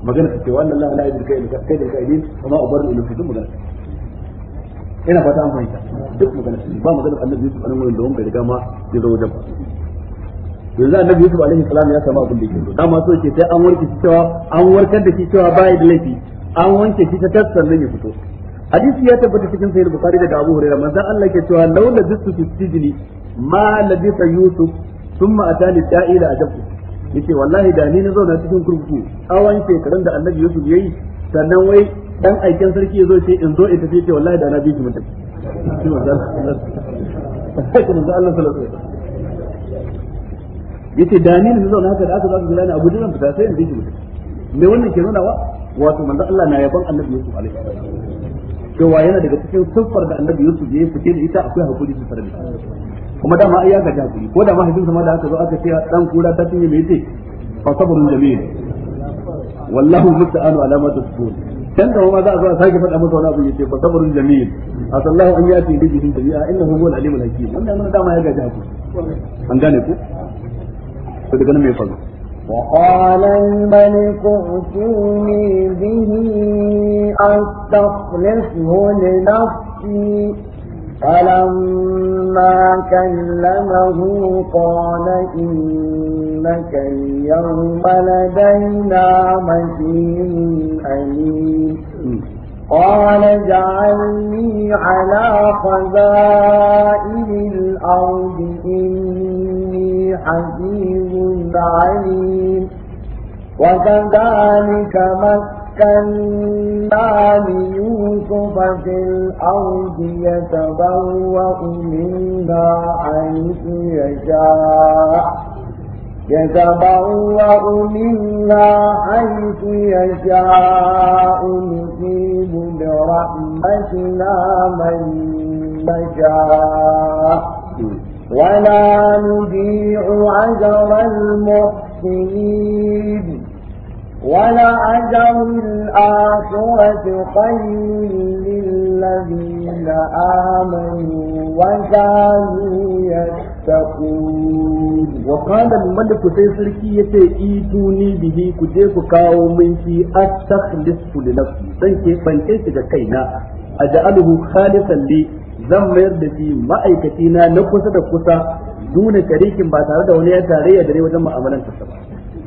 magana ta ce wa anna allaha la yudrika illa kaydul kaydin wa ma ubarru illa kaydul magana ina fata an fahimta duk magana ta ba magana annabi Yusuf anan wurin da wanda riga ma ya zo wajen yanzu annabi Yusuf alaihi salam ya samu abin da yake so dama so yake sai an warke cewa an warkar da shi cewa bai da laifi an wanke shi ta tas nan ya fito hadisi ya tabbata cikin sayyid bukhari da abu hurairah manzo Allah ke cewa laula bistu fi sijni ma ta yusuf thumma atani da'ila ajabtu yace wallahi da ni na zauna cikin kurkuku awan shekarun da annabi yusuf yayi sannan wai dan aikin sarki ya zo ce in zo in tafi yace wallahi da na bi shi mutum shi Allah sallallahu yace da ni na zauna haka da aka zo da gilani abu jiran fita sai in bi shi mutum me wannan ke nuna wa wato manzo Allah na yaban annabi Yusuf alaihi salam cewa yana daga cikin siffar da annabi Yusuf ya fice da ita akwai hakuri su farbi kuma dama ai ya gaji hakuri ko da mahaifin sa ma da aka zo aka ce dan kura ta tinye me yace fa sabrun jamil wallahu musta'anu ala ma tasbun dan da ma za a zo a sake faɗa masa wani abu yace fa sabrun jamil asallahu an yati bi jihin jami'a innahu huwal alimul hakim wannan dama ya gaji hakuri an gane ku to daga nan me faru وقال الملك اتوني به أستخلصه لنفسي فلما كلمه قال إنك اليوم لدينا مكين أليم قال اجعلني على خزائن الأرض إني حزين عليم وكذلك مكنا ليوسف في الأرض يتبوأ منها حيث يشاء يتبوأ منا حيث يشاء نصيب برحمتنا من نشاء ولا نضيع أجر المحسنين ولأجر الآخرة خير للذين آمنوا وكانوا يتقون وقال الملك سيسركي يتئيتوني به كجيك كاو منشي أستخلص لنفسي سيكي فانكيش كينا أجعله خالصا لي zan mayar da shi ma'aikaci na na kusa da kusa duna tarikin ba tare da wani ya tarayya da ne wajen mu'amalan ta. ba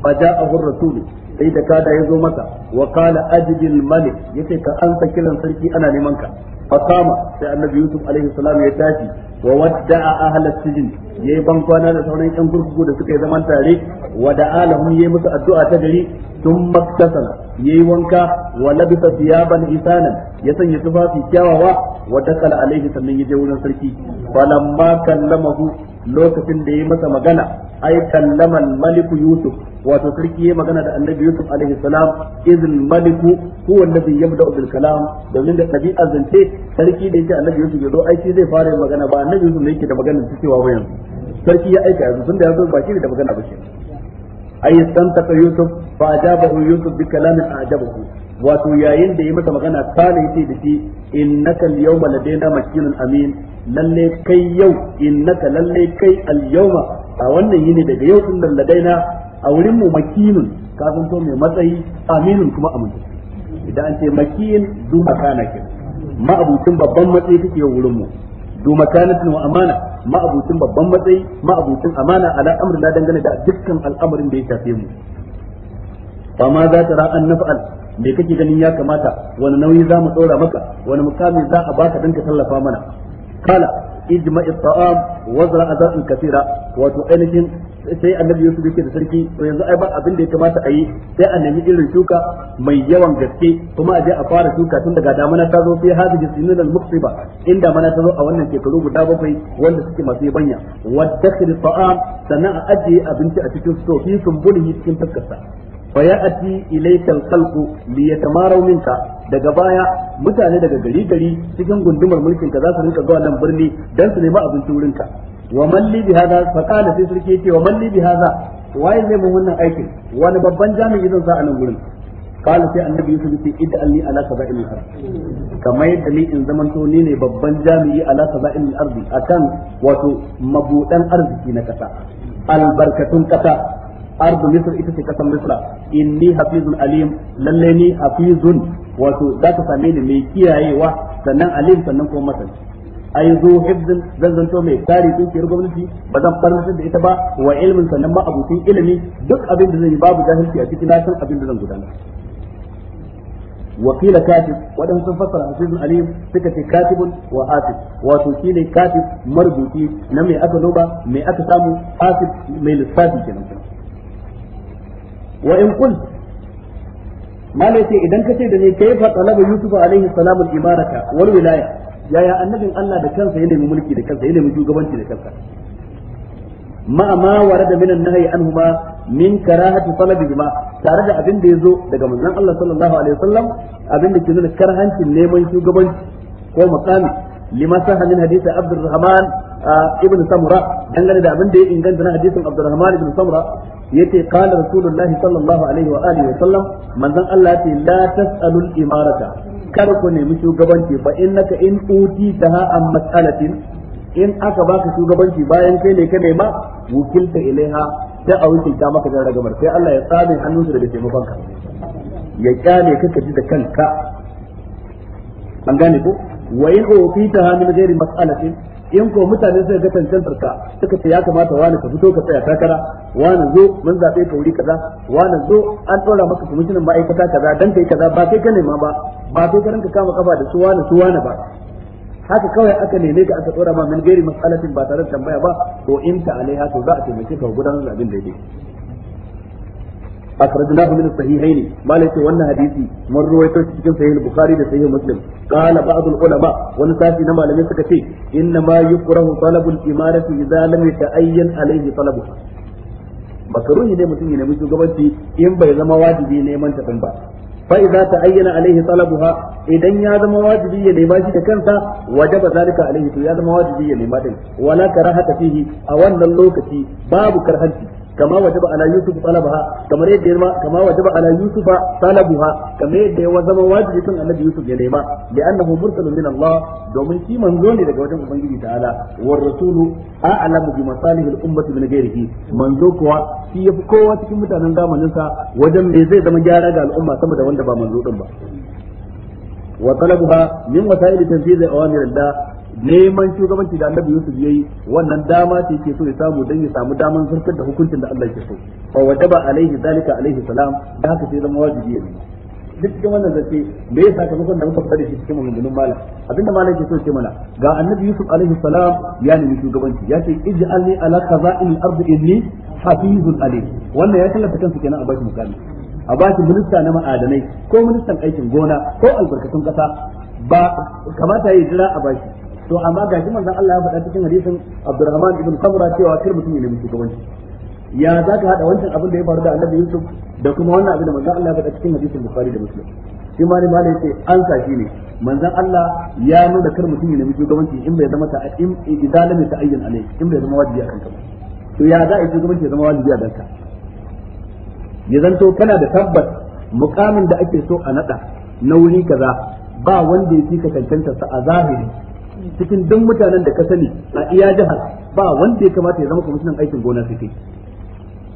fa ja'ahu rasul sai da kada ya zo masa wa qala ajibil malik yace ka an sa kiran sarki ana neman ka fa kama sai annabi yusuf alaihi salam ya wanda wa wadda'a ahla sijin yayi ban kwana da sauran yan gurgugu da suka yi zaman tare wa da'alahum yayi musu addu'a ta gari tun maktasala yayi wanka wa labisa thiyaban isana ya sanya tufafi kyawawa wa dakala alaihi sannan ya je wurin sarki falamma kallamahu lokacin da yayi masa magana ai kallaman maliku yusuf wato sarki yayi magana da annabi yusuf alaihi salam izin maliku huwa alladhi yabda'u bil kalam domin da tabi'a zance sarki da yake annabi yusuf ya zo aiki zai fara magana ba annabi yusuf ne yake da magana cewa yanzu sarki ya aika yanzu tunda ya zo ba shi da magana ba shi ai istantaka yusuf fa ajabahu yusuf bi kalamin ajabahu wato yayin da ya masa magana kana yace da shi innaka al-yawma ladaina makinun amin lalle kai yau innaka lalle kai al-yawma a wannan yini daga yau din ladaina a wurin mu makinun ka san to mai matsayi aminun kuma amince idan an ce makin zu makana ke ma abucin babban matsayi kake wurin mu du makanatin wa amana ma'abucin babban matsayi ma'abucin amana ala amrin la dangane da dukkan al'amarin da ya tafe mu fa ma za ta ra an naf'al me kake ganin ya kamata wani nauyi za mu tsora maka wani mukami za a baka dan ka tallafa mana kala ijma'i ta'am wa zara'a zar'in kathira wato ainihin sai annabi Yusuf yake da sarki to yanzu ai ba abin da ya kamata a yi sai a nemi irin shuka mai yawan gaske kuma a je a fara shuka tun daga damana ta zo sai hadiji sinin al-muqsiba in damana ta zo a wannan shekaru guda bakwai wanda suke masu yabanya wadakhil ta'am sannan a ajiye abinci a cikin sto fi sumbulihi cikin takkarsa fa ya'ti ilayka al-khalqu liyatamaru minka daga baya mutane daga gari gari cikin gundumar mulkin ka za su rinka zuwa nan birni dan su nemi abinci wurinka wa malli bi hada fa qala sai sarki yace wa malli bi hada waye zai mun wannan aikin wani babban jami'i zan sa a nan gurin kala sai annabi yusuf yace idda alli ala sab'il ard kamar yadda ni in zamanto ni ne babban jami'i ala sab'il ardi akan wato mabudan arziki na kasa albarkatun kasa ardu misr ita ce kasan misra inni hafizun alim lalle ni hafizun wato za ka same ni mai kiyayewa sannan alim sannan kuma masani ai zo hibzin zan zanto mai kare dukiyar gwamnati ba zan farnatar da ita ba wa ilmin sannan ma abutin ilimi duk abin da zan yi babu jahilci a cikin nasan abin da zan gudanar Wakila Katib ودن sun fassara hasibul alim suka ce katibun wa asif wato shi ne katib marubuci na mai aka noba mai aka samu asif mai lissafi kenan wa in qult malai ce idan ka ce da ni kayfa talaba yusuf alaihi salam al imarata wal wilaya yaya annabin Allah da kansa ya nemi mulki da kansa ya nemi shugabanci da kansa ma ma da minan nahyi anhuma min karahati talabi ma tare da abin da yazo daga manzon Allah sallallahu alaihi wasallam abin da ke nuna karhancin neman shugabanci ko makami lima sahha min hadisi Abdurrahman ibn Samura dangane da abin da ya inganta na hadisin Abdurrahman ibn Samura yace qala rasulullahi sallallahu alaihi wa alihi wasallam manzon Allah ya ce la tasalul imarata kar ku nemi shugabanci in naka in uti ta an matsalatin in aka baka shugabanci bayan kai ne ka nema wukilta ilaiha sai a wukilta maka da ragamar sai Allah ya tsare hannunsa daga taimakonka ya kyale ka kaji da kanka an gane ko wa in uti ta min ghairi matsalatin. in ko mutane suka ga tantantar ka suka ce ya kamata wani ka fito ka tsaya takara wani zo mun zabe ka wuri kaza wani zo an tsora maka kwamishinan ma'aikata kaza dan kai kaza ba kai ka nema ba ba kai ka ranka kama kafa da su wani su wani ba haka kawai aka neme ka aka tsora ma min gairi mas'alatin ba tare da tambaya ba to in ta alaiha to za a taimake ka gudanar da abin da yake أخرجناه من الصحيحين ما ليس وانا حديثي من رويته cikin صحيح البخاري ده صحيح مسلم قال بعض العلماء ونساتي نما لم يسكتي إنما يكره طلب الإمارة إذا لم يتأين عليه طلبها makaruhi ne mutum ya nemi shugabanci in bai zama wajibi neman ta ba fa idza ta'ayyana alaihi talabuha idan ya zama wajibi ya nema shi da kansa wajaba zalika alaihi to ya zama wajibi ya nema din wala karahata fihi a wannan lokaci babu karhanci kama wajaba ala yusuf talabaha kamar yadda ya kama wajaba ala yusufa talabuha kamar yadda ya zama wajibi kan annabi yusuf ya nema bi annahu mursalun min Allah domin shi manzo ne daga wajen ubangiji ta'ala war rasulu a'lamu bi masalihi al ummati min ghairihi manzo kuwa shi yafi kowa cikin mutanen zamanin sa wajen me zai zama gyara ga al'umma sama da wanda ba manzo din ba wa talabuha min wasa'il tanfiz awamir Allah neman shugabanci da annabi Yusuf yayi wannan dama ce yake so ya samu dan ya samu daman zartar da hukuncin da Allah yake so fa wajaba alaihi zalika alaihi salam da haka sai zama wajibi ne duk cikin wannan zance me yasa ka mukan da muka fada shi cikin maganganun malam abinda malam yake so ce mana ga annabi Yusuf alaihi salam ya nemi shugabanci ya ce ij'alni ala khaza'il al-ard inni hafizun alim wannan ya tallafa kansa kenan a bashi mukami a bashi minista na ma'adanai ko ministan aikin gona ko albarkatun kasa ba kamata ya jira a bashi to amma ga shi manzon Allah ya faɗa cikin hadisin Abdurrahman ibn Samura cewa kar mutum ya nemi shugabanci ya za ka haɗa wancan abin da ya faru da Annabi Yusuf da kuma wannan abin da manzon Allah ya faɗa cikin hadisin Bukhari da Muslim shi ma ne malai ce an sa shi ne manzon Allah ya nuna kar mutum ya nemi shugabanci in bai zama ta in idan lam ta'ayyan alai in bai zama wajibi akan ka to ya za a yi shugabanci ya zama wajibi a danka ya zanto kana da tabbas mukamin da ake so a nada na wuri kaza ba wanda ya fi ka cancanta sa a zahiri cikin duk mutanen da ka sani a iya jihar ba wanda ya kamata ya zama kwamishinan aikin gona sai kai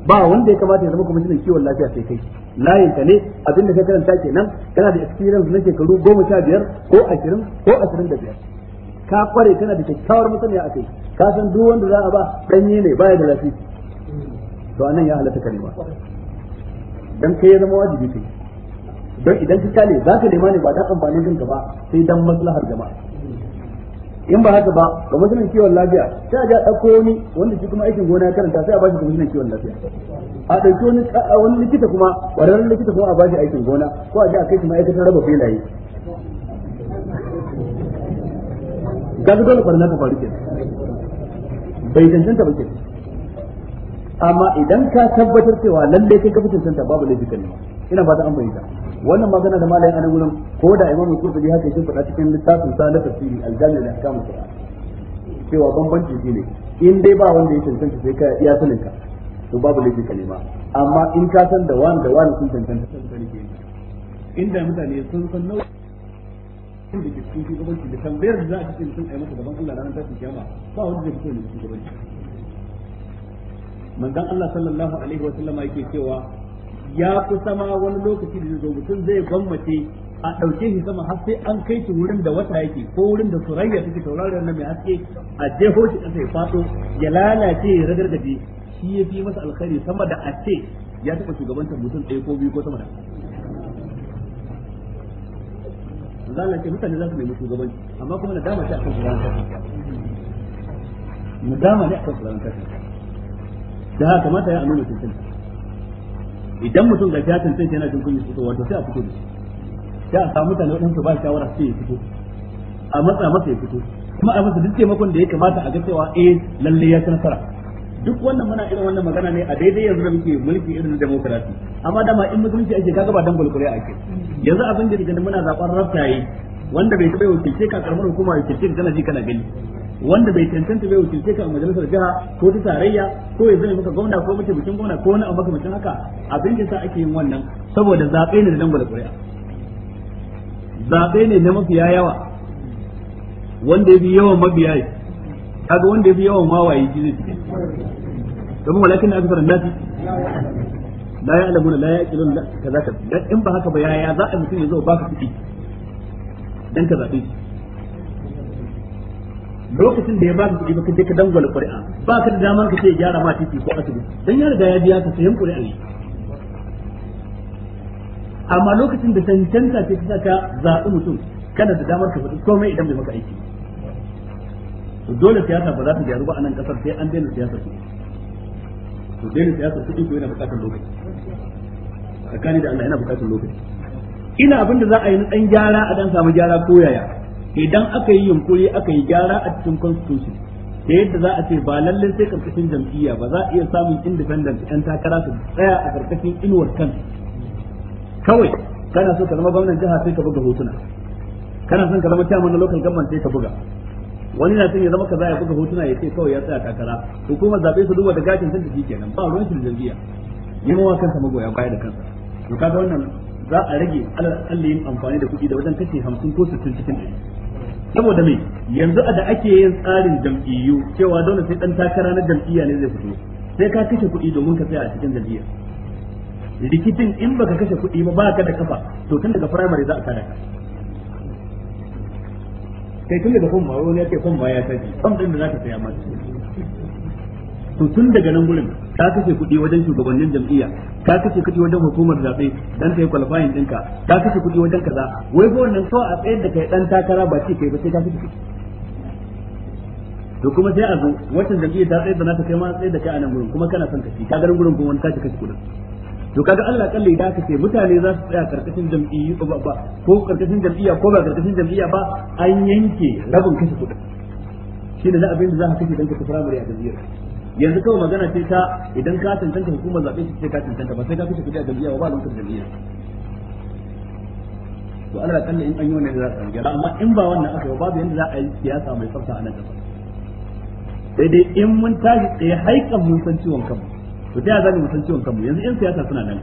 ba wanda ya kamata ya zama kwamishinan kiwon lafiya sai kai layin ka ne abin da ka karanta kenan kana da experience na shekaru goma sha biyar ko ashirin ko ashirin da biyar ka kware kana da kyakkyawar masaniya a kai ka san duk wanda za a ba danye ne baya da lafiya to anan ya halatta kalima dan kai ya zama wajibi kai don idan ka kale za ka nema ne ba ta amfanin kanka ba sai dan maslahar jama'a in ba haka ba kwamishinan kiwon lafiya sai a ja ɗauko wani wanda shi kuma aikin gona ya karanta sai a bashi kwamishinan kiwon lafiya a ɗauki wani wani likita kuma ƙwararren likita kuma a bashi aikin gona ko a je a kai shi ma'aikatar raba filaye kaga dole ƙwarna ta faru kenan bai cancanta ba amma idan ka tabbatar cewa lalle kai ka fi cancanta babu laifi kan ina ba ta an bayyana wannan magana da malayin anan gurin ko da imamu kurtubi haka yake faɗa cikin littafin sa na tafsiri aljami da ahkamul qur'an cewa bambanci ne in dai ba wanda ya cancanta sai ka iya sanin ka to babu laifin kalima amma in ka san da wani da wani sun cancanta san ka In inda mutane sun san nau'in da ke cikin shugabanci da tambayar da za a cikin sun yi masa gaban Allah ranar tafi kiyama ba wanda zai fito ne shugabanci manzon Allah sallallahu alaihi wa sallama yake cewa ya kusa ma wani lokaci da zai zo mutum zai gwammace a ɗauke shi sama har sai an kai shi wurin da wata yake ko wurin da surayya take tauraron na mai haske a jeho shi ƙasa ya fato ya lalace ya ragargaje shi ya fi masa alkhairi sama da a ce ya taɓa shugabantar mutum ɗaya ko biyu ko sama da lalace mutane za su nemi shugabanci amma kuma na dama shi akan shugabantar na dama ne akan shugabantar da haka mata ya amana tuntun idan mutum ga ya sai yana jin kunya fito wato sai a fito da shi sai a samu mutane waɗansu ba shawara sai ya fito a matsa masa ya fito kuma a masa duk taimakon da ya kamata a ga cewa eh lalle ya ci nasara duk wannan muna irin wannan magana ne a daidai yanzu da muke mulki irin demokrasi amma dama in musulunci ake kaga ba dan bulkure ake yanzu abin da muna zaɓar yi wanda bai taɓa wakilce ka karɓar hukuma wakilce kana ji kana gani wanda bai cancanta bai wakilce ka a majalisar jiha ko ta tarayya ko ya zama maka gwamna ko mace bikin gwamna ko wani abu makamancin haka abin da sa ake yin wannan saboda zaɓe ne da dangwala ƙuri'a zaɓe ne na mafiya yawa wanda ya fi yawan mabiya kaga wanda ya fi yawan mawaye shi zai fi domin walakin akthar an-nas la ya'lamuna la ya'qilun kaza kaza dan in ba haka ba yaya za a mutum ya zo baka kuɗi dan ka zaɓe shi lokacin da ya ka kuɗi baka je ka dangwala ƙuri'a ba ka da damar ka ce gyara ma titi ko asibiti dan ya riga ya biya ka sayan ƙuri'a ne amma lokacin da tantanta ce ta ka zaɓi mutum kana da damar ka faɗi komai idan bai maka aiki to dole siyasa ba za ta gyaru ba a nan ƙasar sai an daina siyasa su to daina siyasa kuɗi ko yana buƙatar lokaci tsakani da Allah yana buƙatar lokaci ina abin da za a yi na ɗan gyara a ɗan samu gyara ko yaya idan aka yi yunkuri aka yi gyara a cikin constitution da yadda za a ce ba lallai sai karkashin jam'iyya ba za a iya samun independent yan takara su tsaya a karkashin inuwar kan kawai kana so ka zama gwamnan jiha sai ka buga hotuna kana son ka zama chairman na local government sai ka buga wani na son ya zama kaza ya buga hotuna ya ce kawai ya tsaya takara hukumar zabe su duba da gashin sun tafi kenan ba ruwan shirin jam'iyya jam'iyya yawa kansa magoya baya da kansa to kaga wannan za a rage alal yin amfani da kuɗi da wajen kace 50 ko 60 cikin ɗari saboda me yanzu a da ake yin tsarin jam'iyyu cewa dole sai dan takara na jam'iyya ne zai fito sai ka kashe kuɗi domin ka tsaya a cikin jam'iyyar rikicin in baka kashe kuɗi ba baka da kafa to tun daga firamare za a kada ka kai tun daga fom ba wani ake ce ba ya tafi fom din da za ka saya ma to tun daga nan gurin ka kashe kuɗi wajen shugabannin jam'iyya ka kashe kuɗi wajen hukumar zaɓe dan kai qualifying ɗinka ka kashe kuɗi wajen kaza wai ko wannan kawai a tsayar da kai dan takara ba ce kai ba sai ka kashe kuɗi to kuma sai a zo wacce jam'iyya ta tsayar da naka kai ma tsayar da kai a nan gurin kuma kana son kashi ka garin gurin kuma wani kashi kashe kuɗin to kaga Allah kalle da ka ce mutane za su tsaya karkashin jam'iyyu ba ko karkashin jam'iyya ko ba karkashin jam'iyya ba an yanke rabin kashe kuɗin shi ne na abin da za ka kashe dan ka firamare da jam'iyyar yanzu kawai magana ce ta idan ka tantance hukumar zaɓe ce ka tantance ba sai ka kashe kuɗi a jam'iyya ba lokacin jam'iyya to Allah kalla in an yi wannan za a samu gyara amma in ba wannan aka babu yanda za a yi siyasa mai tsafta a nan gaba sai dai in mun tashi tsaye haikan mun san ciwon kanmu to ta za mu san ciwon kanmu yanzu yan siyasa suna nan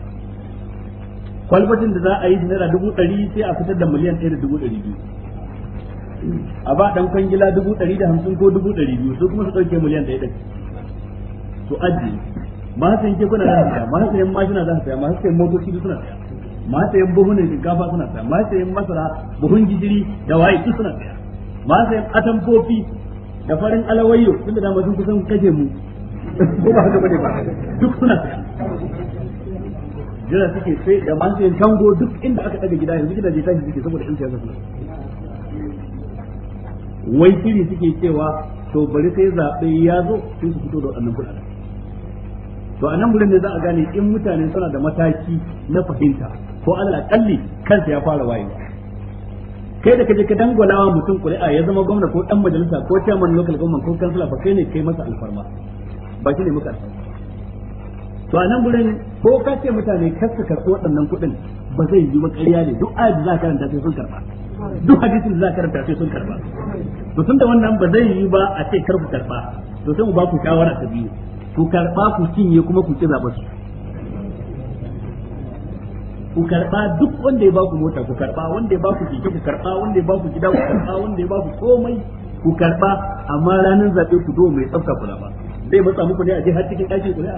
kwalbatin da za a yi naira dubu ɗari sai a fitar da miliyan ɗaya da dubu ɗari biyu a ba ɗan kwangila dubu ɗari da hamsin ko dubu ɗari biyu su kuma su ɗauke miliyan ɗaya ɗari su aji ma sayan kekuna za su saya ma sayan mashina za su saya ma sayan motoci duk suna saya ma sayan buhunan shinkafa suna saya ma sayan masara buhun gijiri da waye duk suna saya ma sayan atamfofi da farin alawayyo tunda da sun kusan kaje mu ko ba haka bane ba duk suna saya jira suke sai da ma sayan tango duk inda aka daga gida yanzu gidaje tashi suke saboda in siyasa suna wai shiri suke cewa to bari sai zaɓe ya zo sai su fito da wannan kuɗaɗen to a nan gurin ne za a gane in mutane suna da mataki na fahimta ko a akalli kansa ya fara waye kai da kaje ka dangwalawa mutum kuri'a ya zama gwamna ko dan majalisa ko chairman local government ko kansila ba kai ne kai masa alfarma ba shi ne muka alfarma to a nan gurin ko ka ce mutane kar su karɓi waɗannan kuɗin ba zai yi ba ƙarya ne duk ayat za ka karanta sai sun karɓa duk hadisin za ka karanta sai sun karɓa to tun da wannan ba zai yi ba a ce kar ku karɓa to sai mu ba ku shawara ta biyu ku karɓa ku cinye kuma ku ci zaɓa su ku karɓa duk wanda ya ba ku mota ku karɓa wanda ya ba ku keke ku karɓa wanda ya ba ku gida ku karɓa wanda ya ba ku komai ku karɓa amma ranar zaɓe ku dole mai tsafta kula ba zai matsa muku ne a je har cikin ɗakin kula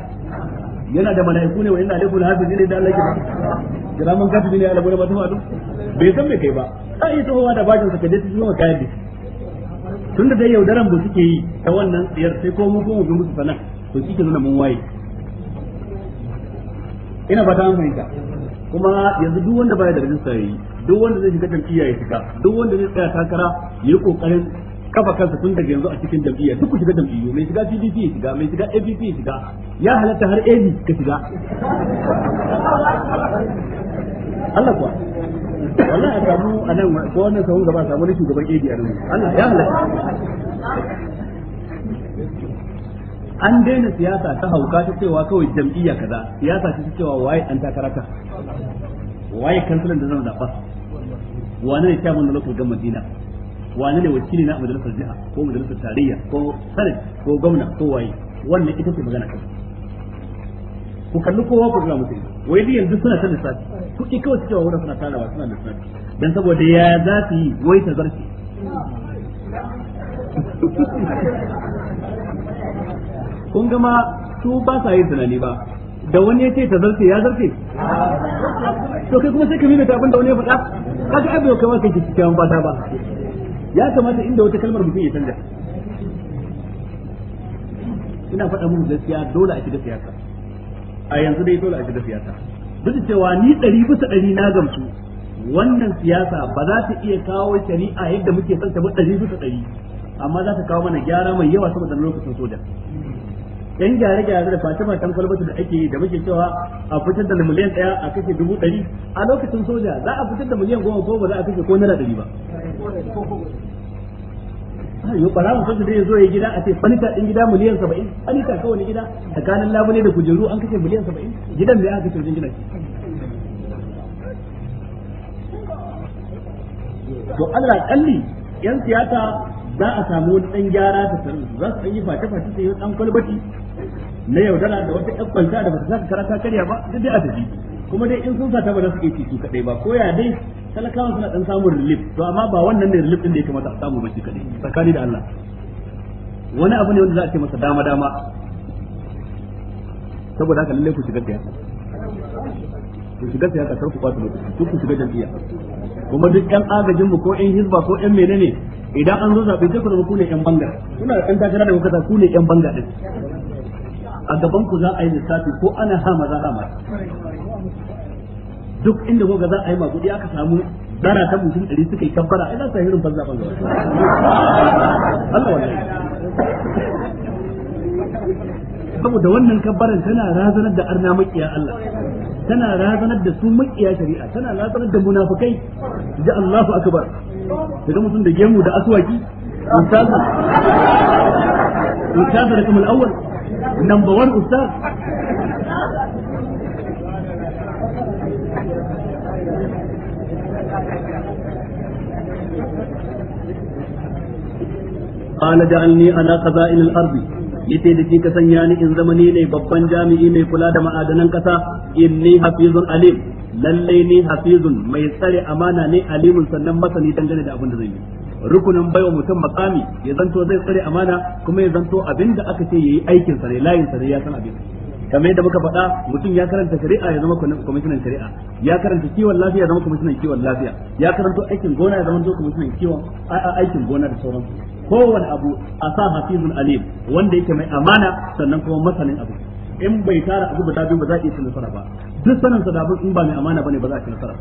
yana da mala'iku ne wa inna alaikum hafiz ne da Allah ke kira man kafi ne alamu ba tuma duk bai san me kai ba sai yi tsohuwa da bajin sa je cikin kayan tunda dai yaudaran ba suke yi ta wannan tsiyar sai ko mu ko mu bi musu sanan to shi ke nuna mun waye ina fata an fahimta kuma yanzu duk wanda baya da rajista yayi duk wanda zai shiga jam'iyya ya shiga duk wanda zai tsaya takara ya yi kokarin kafa kansa tun daga yanzu a cikin jam'iyya duk ku shiga jam'iyyu mai shiga PDP ya shiga mai shiga APP ya shiga ya halatta har AB ka shiga Allah kuwa wallahi a samu a nan ko wannan sahun gaba samu na shugaban AB a nan Allah ya halatta an daina siyasa ta hauka ta cewa kawai jam'iyya kaza siyasa ta cewa waye an takara ka waye kansilan da zan zaba wane ne chairman na lokacin government dina wane ne wakili na majalisar jiha ko majalisar tarayya ko sanad ko gwamna ko waye wannan ita ce magana kai ku kalli kowa ku ga mutum wai biyan yanzu suna ta ku ki kawai cewa wurin suna tarawa suna lissafi dan saboda ya za su yi wai ta zarce kun ga ma su ba sa yin tunani ba da wani ya ce ta zarce ya zarce to kai kuma sai ka mimi ta abin da wani ya faɗa kaga abin kai maka kikkiawan fata ba ya kamata inda wata kalmar mutum ya canja ina faɗa mun gaskiya dole a shiga siyasa a yanzu dai dole a shiga siyasa duk da cewa ni ɗari bisa ɗari na gamsu wannan siyasa ba za ta iya kawo shari'a yadda muke son ta ba ɗari bisa ɗari amma za ta kawo mana gyara mai yawa saboda lokacin soja yan gyare gyare da fatima tan kwalbatu da ake yi da muke cewa a fitar da miliyan daya a kashe dubu dari a lokacin soja za a fitar da miliyan goma ko ba za a kashe ko naira dari ba yau ba ramin soja zai zo ya gida a ce fanita din gida miliyan saba'in fanita kawai gida tsakanin labule da kujeru an kashe miliyan saba'in gidan da ya kashe wajen gina to Allah kalli yan siyasa za a samu wani dan gyara ta sarrafa za su ɗan yi fata-fata sai dan kwalbati na yaudara da wata ƴan kwanta da ba su saka karata karya ba duk dai a tafi kuma dai in sun sata ba za su iya ci su kadai ba ko ya dai talakawa suna dan samun relief to amma ba wannan ne relief din da ya kamata a samu ba shi kadai tsakani da Allah wani abu ne wanda za a ce masa dama dama saboda haka lalle ku shiga yasa ku shiga siyasa kar ku kwata lokaci ku shiga jam'iyya kuma duk ƴan agajin mu ko ƴan hizba ko ƴan menene idan an zo zaɓe sai ku zama ku ne ƴan banga suna da ɗan takara da kuka ku ne ƴan banga din a gaban ku za a yi lissafi ko ana hama za a mai duk inda goga za a yi magudi aka samu dara ta mutum ɗari suka yi kabbara ai za su hirin banza banza Allah wallahi saboda wannan kabbaran tana razanar da arna makiya Allah tana razanar da su makiya shari'a tana razanar da munafukai ji Allahu akbar daga mutum da gemu da aswaki in ta da kamar awwal number one ustaz قال جعلني على خزائن الارض yace da shi ka sanya ni in zama ni ne babban jami'i mai kula da ma'adanan kasa inni hafizun alim lalle ni hafizun mai tsare amana ne alimun sannan masani dangane da abin da zai yi rukunin baiwa mutum makami ya zanto zai tsare amana kuma ya zanto abinda aka ce yayi aikin sa ne layin sa ne ya san abin kamar yadda muka faɗa mutum ya karanta shari'a ya zama kwamishinan shari'a ya karanta kiwon lafiya ya zama kwamishinan kiwon lafiya ya karanta aikin gona ya zama kwamishinan kiwon aikin gona da sauransu kowane abu a sa hafizun alim wanda yake mai amana sannan kuma masanin abu in bai tara abu guda biyu ba za a iya ci nasara ba duk sanin sa da in ba mai amana ba ne ba za a ci nasara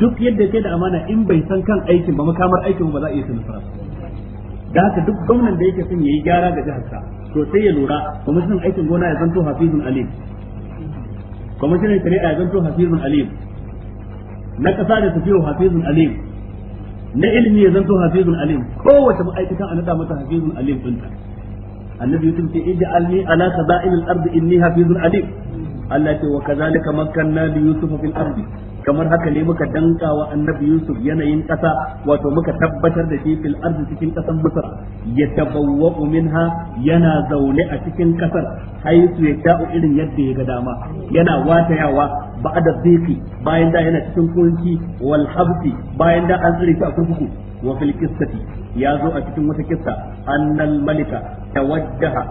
duk yadda ke da amana in bai san kan aikin ba makamar aikin ba za a iya sanin fara da haka duk gwamnan da yake son yayi gyara ga jihar sa to sai ya lura kwamishinan aikin gona ya zanto hafizun alim kwamishinan shari'a ya zanto hafizun alim na kasa da tafiyo hafizun alim na ilimi ya zanto hafizun alim kowace ma'aikata a nada mata hafizun alim ta. annabi yusuf ce idda alni ala qada'il al-ard inni hafizun alim Allah ce wa kazalika makkanna li Yusuf fil ardi kamar haka ne muka danka wa annabi Yusuf yanayin kasa wato muka tabbatar da shi fil ardi cikin kasan Misr ya tabawwa'u minha yana zaune a cikin kasar haisu ya ta'u irin yadda ya ga dama yana watayawa ba'da dhiki bayan da yana cikin kunci wal habsi bayan da an tsire shi a kurkuku wa fil qissati ya zo a cikin wata kissa annal malika tawajjaha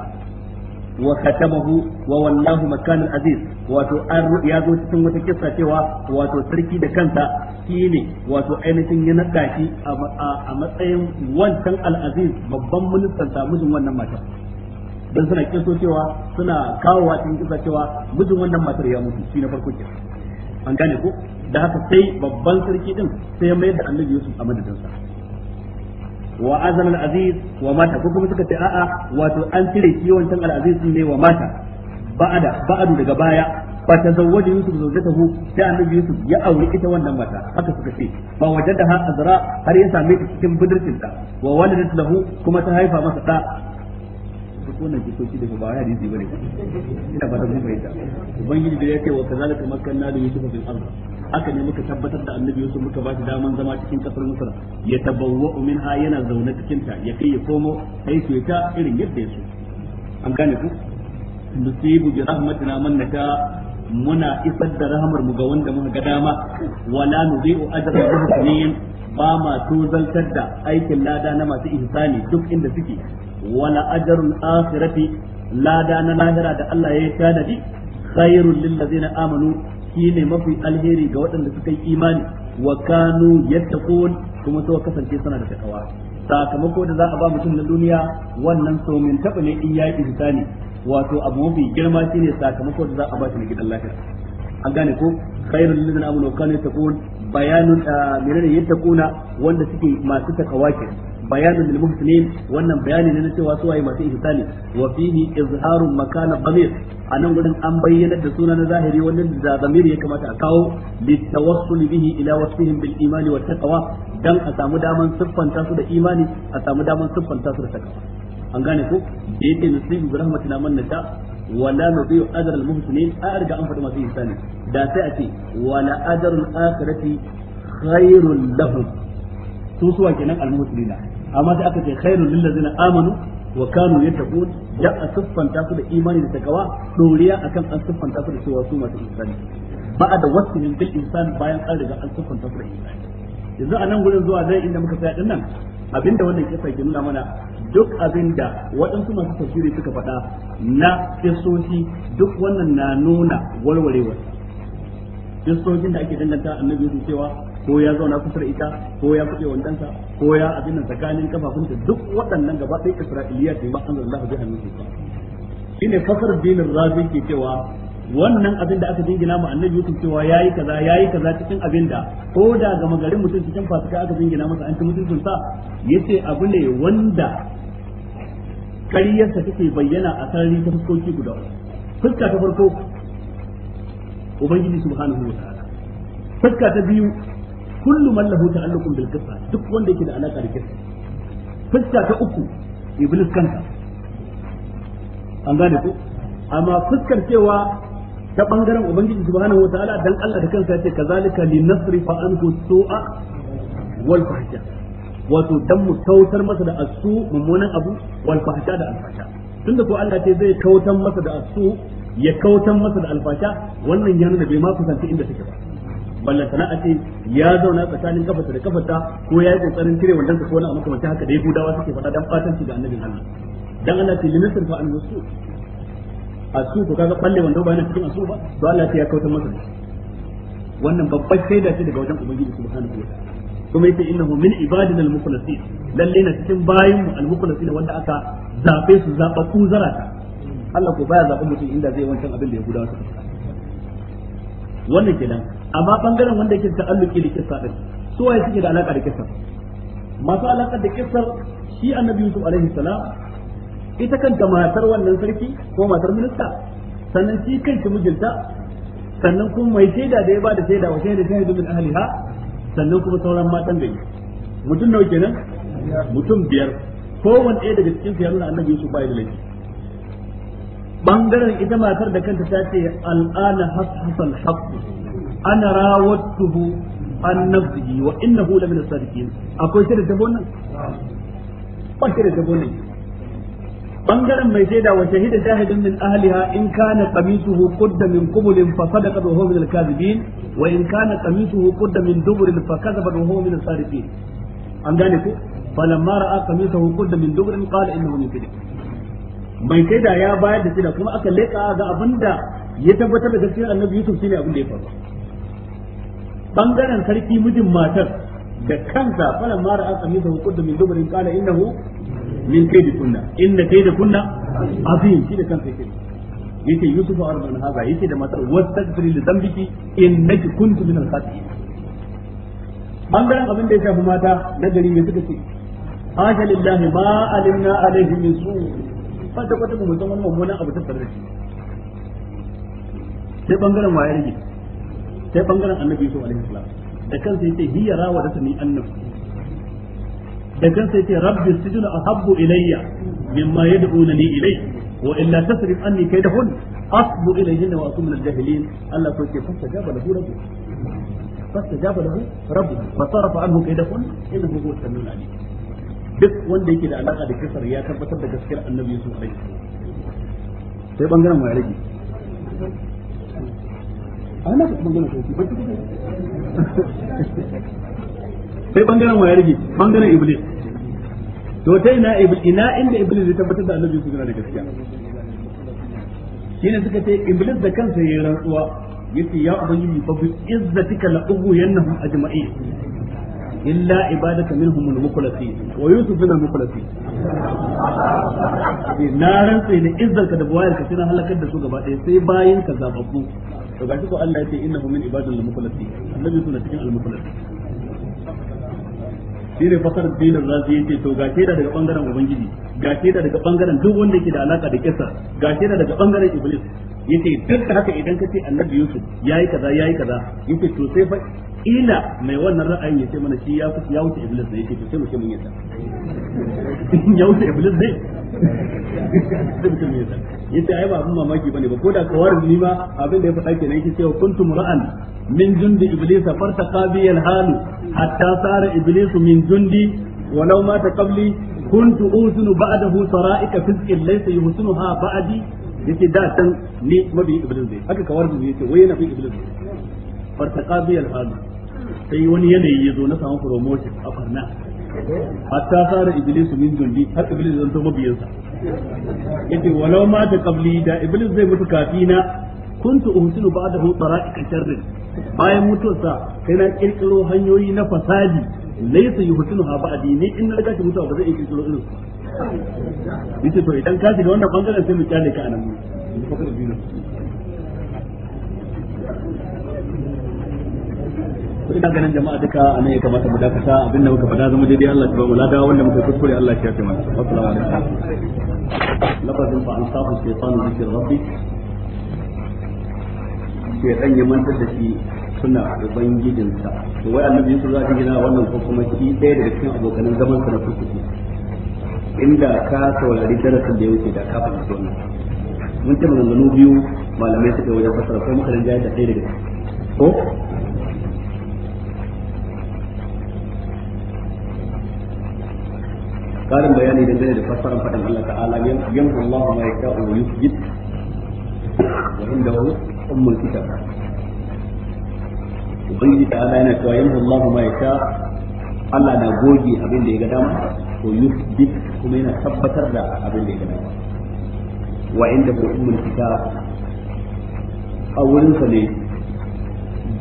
wa katabahu wa wallahu makanan aziz wato an ya zo cikin wata kissa cewa wato sarki da kansa shine wato ainihin ya nada shi a matsayin wancan al-aziz babban ministan ta mijin wannan matar dan suna kiso cewa suna kawo cikin kissa cewa mijin wannan matar ya mutu shi na farko ke an gane ko da haka sai babban sarki din sai ya mayar da annabi Yusuf a madadinsa wa azan al-aziz wa mata ko kuma suka ce a'a wato an cire kiwon tan al-aziz ne wa mata ba'ada ba'adu daga baya fa tazawwaja yusuf zawjatahu sai annabi yusuf ya aure ita wannan mata haka suka ce fa wajadaha azra har ya same ta cikin budurcin ta wa waladat lahu kuma ta haifa masa da wannan jikoki da ba ya hadisi bane ina ba da mun bayyana ubangiji da yake wa kazalika makanna da yusuf fil ardh aka ne muka tabbatar da annabi yusuf muka ba shi daman zama cikin kasar misra ya tabawwa'u minha yana zaune cikin ta ya kai ya komo sai su ta irin yadda ya an gane ku nusibu bi rahmatina man nasha muna isar da rahamar mu ga wanda muka ga dama wala nudhi'u ajra al-muhsinin ba ma tozaltar da aikin lada na masu ihsani duk inda suke wala ajrul akhirati lada na lahira da Allah ya tanadi khairul lil ladzina amanu shine mafi alheri ga waɗanda suka yi imani wa kanu yattaqun kuma suka kasance suna da takawa sakamako da za a ba mutum na duniya wannan so min taba ne in yayi ihsani wato abu mafi girma shine sakamako da za a ba shi na gidan lahira an gane ko khairul lil ladzina amanu wa kanu yattaqun bayanun da ah, menene yattaquna wanda suke masu takawa kenan Bayani lil muhsinin wannan bayani ne na cewa su waye masu ihsani wa fihi izharun makana a nan gurin an bayyana da suna na zahiri wannan da dhamir ya kamata a kawo litawassul bihi ila wasfihim bil iman wa taqwa dan a samu daman siffanta su da imani a samu daman siffanta su da taqwa an gane ko da yake nasibu bi rahmatina man nasha wala nudhi'u a an masu ihsani da sai a ce wala ajrul akhirati khairul lahum su suwa kenan al muslimina amma sai aka ce khairul lil ladzina amanu wa kanu yattaqun da asuffanta su da imani da takawa doriya akan asuffanta su da cewa su masu insani ba'a da wasfin bil insan bayan an riga an siffanta su da insani yanzu a nan gurin zuwa dai inda muka tsaya din nan abinda wannan kisa ke nuna mana duk abinda waɗansu masu tafsiri suka faɗa na kisoshi duk wannan na nuna warwarewar kisoshin da ake danganta annabi su cewa ko ya zauna kusa da ita ko ya kuɗe wandansa ko ya abin nan tsakanin kafafunta duk waɗannan gaba ɗaya isra'iliya ce ba an zalla bi ba shi ne fasar dinin razi ke cewa wannan abin da aka jingina mu annabi yusuf cewa yayi kaza yayi kaza cikin abin da ko da ga magarin mutum cikin fasika aka jingina masa an ci mutuncin sa yace abu ne wanda kariyarsa take bayyana a sarari ta fuskoki guda fuska ta farko ubangiji subhanahu wa ta'ala fuska ta biyu kullu man lahu ta'alluqun duk wanda yake da alaka da fuska ta uku iblis kanta an gane ku amma fuskar cewa ta bangaren ubangiji subhanahu wataala dan Allah da kansa yace kazalika linasrifa anhu wato dan mu kautar masa da asu mummunan abu wal fahsha da alfasha tunda ko Allah ce zai kautar masa da asu ya kautar masa da alfasha wannan ya nuna bai ma kusanci inda take ba ballan sana a ce ya zauna tsakanin kafarsa da kafarsa ko ya yi kokarin cire wannan ko wani abu kamar haka da gudawa suke faɗa dan fatanci ga annabin Allah dan Allah ce linisir fa an A su ko kaga balle wanda ba yana cikin asu ba to Allah ya kautar masa wannan babbar shaida ce daga wajen ubangiji subhanahu wa ta'ala kuma yace innahu min ibadina al-mukhlasin lalle na cikin bayin mu al-mukhlasin wanda aka zabe su zaba ku zarata Allah ko baya zaben mutum inda zai wancan abin da ya gudawa su wannan kenan amma bangaren wanda yake ta'alluki da kissa din su waye suke da alaka da kissa masu alaka da kissa shi annabi Yusuf alaihi salam ita kanta matar wannan sarki ko matar minista sannan shi kanta mijinta sannan kuma mai shaida da ya ba da shaida wa shaida da min ahliha sannan kuma sauran matan da yi mutum nawa kenan mutum biyar kowanne ɗaya daga cikin su ya nuna annabi Yusuf bai da laifi bangaren ita matar da kanta ta ce al'ana hafsal haqqu ana rawattuhu an nafsihi wa innahu la min as-sadiqin akwai shi da tabo nan ba shi da tabo nan bangaren mai shaida wa shahida shahidun min ahliha in kana qamisuhu qudda min qubulin fa sadaqa wa huwa min al-kadhibin wa in kana qamisuhu qudda min dubrin fa kadhaba wa huwa min as-sadiqin an gane ko falamma ra'a qamisuhu qudda min dubrin qala innahu min kadhib mai shaida ya bayar da shaida kuma aka leka ga abinda ya tabbatar da gaskiyar annabi Yusuf shine abin da ya faru bangaren sarki mijin matar da kansa falan mara an sami sa hukunta min dubarin kala hu min da kunna inna da kunna azim shi da kansa yake yace yusufu arban haza yake da matar wastaghfiri li in na kunti min al-khati'in bangaren abin da ya shafi mata na gari mai suka ce haka lillahi ma alimna alaihi min su fata kwata mu san wannan mummunan abu ta sarrafi sai bangaren waye rage sai bangaren annabi yusuf alaihi salam da kansa yace hiya rawadatni annabi da kansa yace rabbi sijnu ahabbu ilayya mimma yad'unani ilay wa illa tasrif anni kaydahun asbu ilayhinna wa akun min al-jahilin Allah ko yake fastajaba lahu rabbu fastajaba lahu rabbu fasarafa anhu kaydahun innahu huwa as-samiu al-alim duk wanda yake da alaka da kisar ya tabbatar da gaskiyar annabi yusuf alaihi sai bangaren mu rage a na kuma sai bangaren wa ya rage bangaren iblis to ta ina ina inda iblis ya tabbatar da annabi su gina da gaskiya shine suka ce iblis da kansa yayin rantsuwa yace ya ubangiji fa bi izzatika la a ajma'in illa ibadata minhum al-mukhlasin wa yusuf min al-mukhlasin na rantsa ne izzar ka da buwayar ka sai halakar da su gaba ɗaya sai bayin ka zababbu to gashi ko Allah ya ce innahu min ibadil al-mukhlasin annabi suna cikin al-mukhlasin shi fasar dinin razi yake to ga da daga bangaren ubangiji ga da daga bangaren duk wanda yake da alaka da kisa ga da daga bangaren iblis yace duk haka idan ka ce annabi yusuf yayi kaza yayi kaza yace to sai fa ila mai wannan ra'ayin ya ce mana shi ya fi ya wuce iblis ne yake to sai mu ce mun yadda ya wuce iblis ne sai mu ce mun yadda yace ai ba abun mamaki bane ba ko da kawar ni ma abin da ya faɗa kenan yake cewa kuntum ra'an min jundi iblis fartaqa bi al-halu hatta sara iblis min jundi ولو مات قبلي كنت أوزن بعده سرائك فزق ليس يحسنها بعدي yake da san ni mabi iblis ne haka kawar da yake wai yana fi iblis ne fartaqa biyar al sai wani yanayi ya zo na samu promotion a farna hatta fara iblis min dundi har iblis zan to biyansa yace walau ma ta qabli da iblis zai mutu kafina kuntu ba'da hu tara'iqa sharrin bayan mutuwarsa sai na kirkiro hanyoyi na fasadi laysa ha ba'di ne in na riga shi mutuwa ba zai kirkiro irin su yace to idan ka shiga wannan bangaren sai mu kyale ka anan mu to ina ganin jama'a duka a nan ya kamata mu dakata abin da muka faɗa zama daidai Allah ya ba mu lada wanda muka kuskure Allah ya shafe mana assalamu alaikum lafazin fa ansahu shaytanu zikr rabbi ke dan ya mantar da shi suna ubangijinsa to wai annabi yusuf za ka gina wannan ko kuma shi ɗaya daga cikin abokanan zaman sa na kurkuku inda ka saurari darasin da ya wuce da kafin fahimci wannan mun ce maganganu biyu malamai suka wajen fasara ko makarin jaya da ɗaya daga ko karin bayani dangane da fassarar faɗin Allah ta'ala yanzu Allah ma ya ka'u wa yusjid wa inda hu ummul kitab ubangiji ta'ala yana cewa yanzu Allah ma ya ka Allah na goge abin da ya ga dama ko yusjid kuma yana tabbatar da abin da ya ga dama wa inda hu ummul kitab a wurinsa ne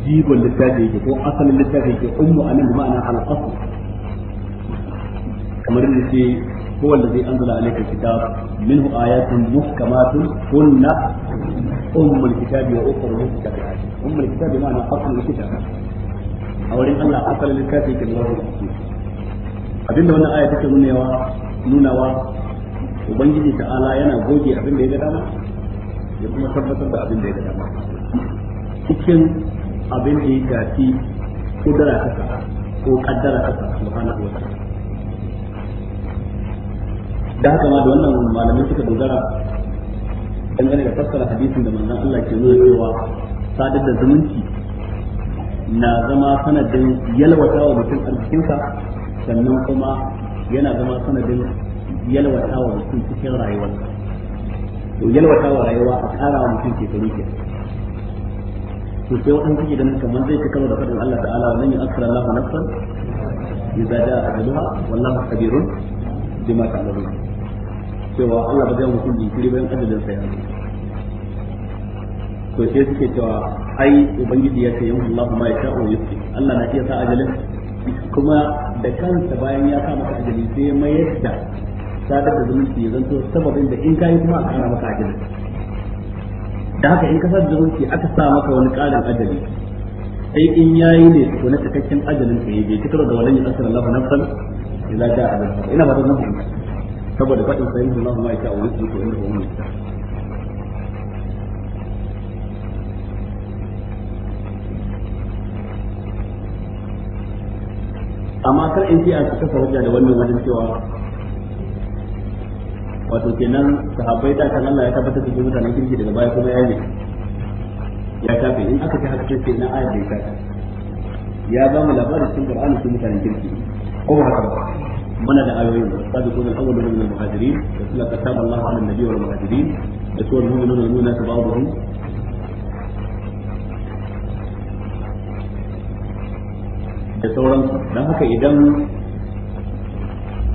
jibon littafi yake ko asalin littafi yake ummu anan ma'ana al-asl kamar yadda ce هو الذي أنزل عليك الكتاب منه آيات محكمات هن أم الكتاب وأخر متشابهات أم الكتاب معنى أصل الكتاب أو أن الله أصل للكافي كالله الحكيم abinda wannan aya take nunawa nunawa ubangiji ta'ala yana goge abin da ya ga dama ya kuma tabbatar da abin da ya ga dama cikin abin da ya shafi kudura ta ko da haka ma da wannan malamai suka dogara dangane da fassara hadisin da manzon Allah ke nuna cewa sadar da zumunci na zama sanadin yalwata wa mutum arzikinsa sannan kuma yana zama sanadin yalwata wa mutum cikin rayuwarsa to yalwata wa rayuwa a tsara wa mutum shekaru ke to sai waɗansu ke ganin kamar zai ci karo da faɗin Allah ta'ala wannan yin aksarar Allah nafsan idza ja'a ajaluha wallahu kabirun bima ta'malun cewa Allah ba zai mutum jinkiri bayan adadin sa ya to sai suke cewa ai ubangiji ya ce Allah ma ya sha'u yusi Allah na iya sa ajalin kuma da kansa bayan ya sa maka ajali sai mai yadda sadar da zumunci ya zanto sababin da in kayi kuma a kara maka ajali da haka in kasar da zumunci aka sa maka wani karin ajali sai in yayi ne ko na cikakken ajalin sai yi bai cikar da wani ya tsara Allah nafsan ila da ajalin ina ba da nafsan saboda faɗin sayin Allah ma yake a wani su ko inda wani amma kar in ji a suka fahimta da wannan wajen cewa wato kenan sahabbai da kan Allah ya tabbatar da mutanen kirki daga baya kuma ya ne ya tafi in aka ta haka ce na ayat da ya ya ba mu labarin cikin Qur'ani su mutanen kirki ko ba haka ba muna da ayoyin sabiqun al-awwaluna min al-muhajirin wa kullu kataba Allahu 'ala an-nabiy wal muhajirin wa suwal mu'minuna da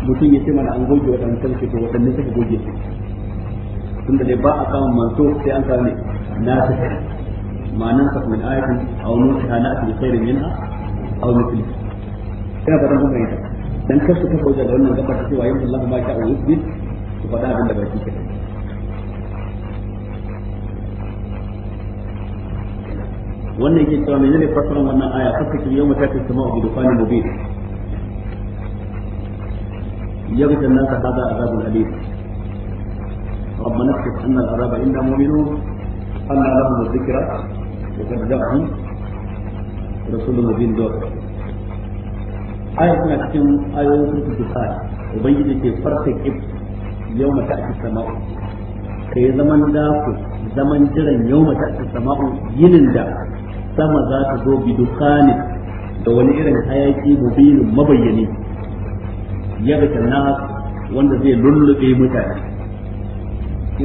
mutum ya ce mana an goge wadannan sarki to wadanne suka goge su da dai ba a kama manso sai an kame na ta ma nan sa min ayatin aw nusiha na'ti bi khairin minha aw mithliha ina fatan kun fahimta dan kar su kafa wajen wannan gabar da cewa yanzu Allah ba ta a yusbit su faɗa abin da baki kenan wannan yake cewa menene fasaran wannan aya fasakir yawma ta tasma'u bi dufanin mubin يغشى الناس هذا alif أليم ربنا اكشف أن العذاب إنا مؤمنون أن لهم الذكرى وقد جاءهم رسول مبين دور ayar suna cikin ayoyin surtu ubangiji ke farka kif yau mata ake sama'u ka yi zaman dafu, zaman jiran yau mata ake sama'u yinin da sama za ta zo bi dukkanin da wani irin hayaki mubinin mabayyani ya ga nas wanda zai lullube mutane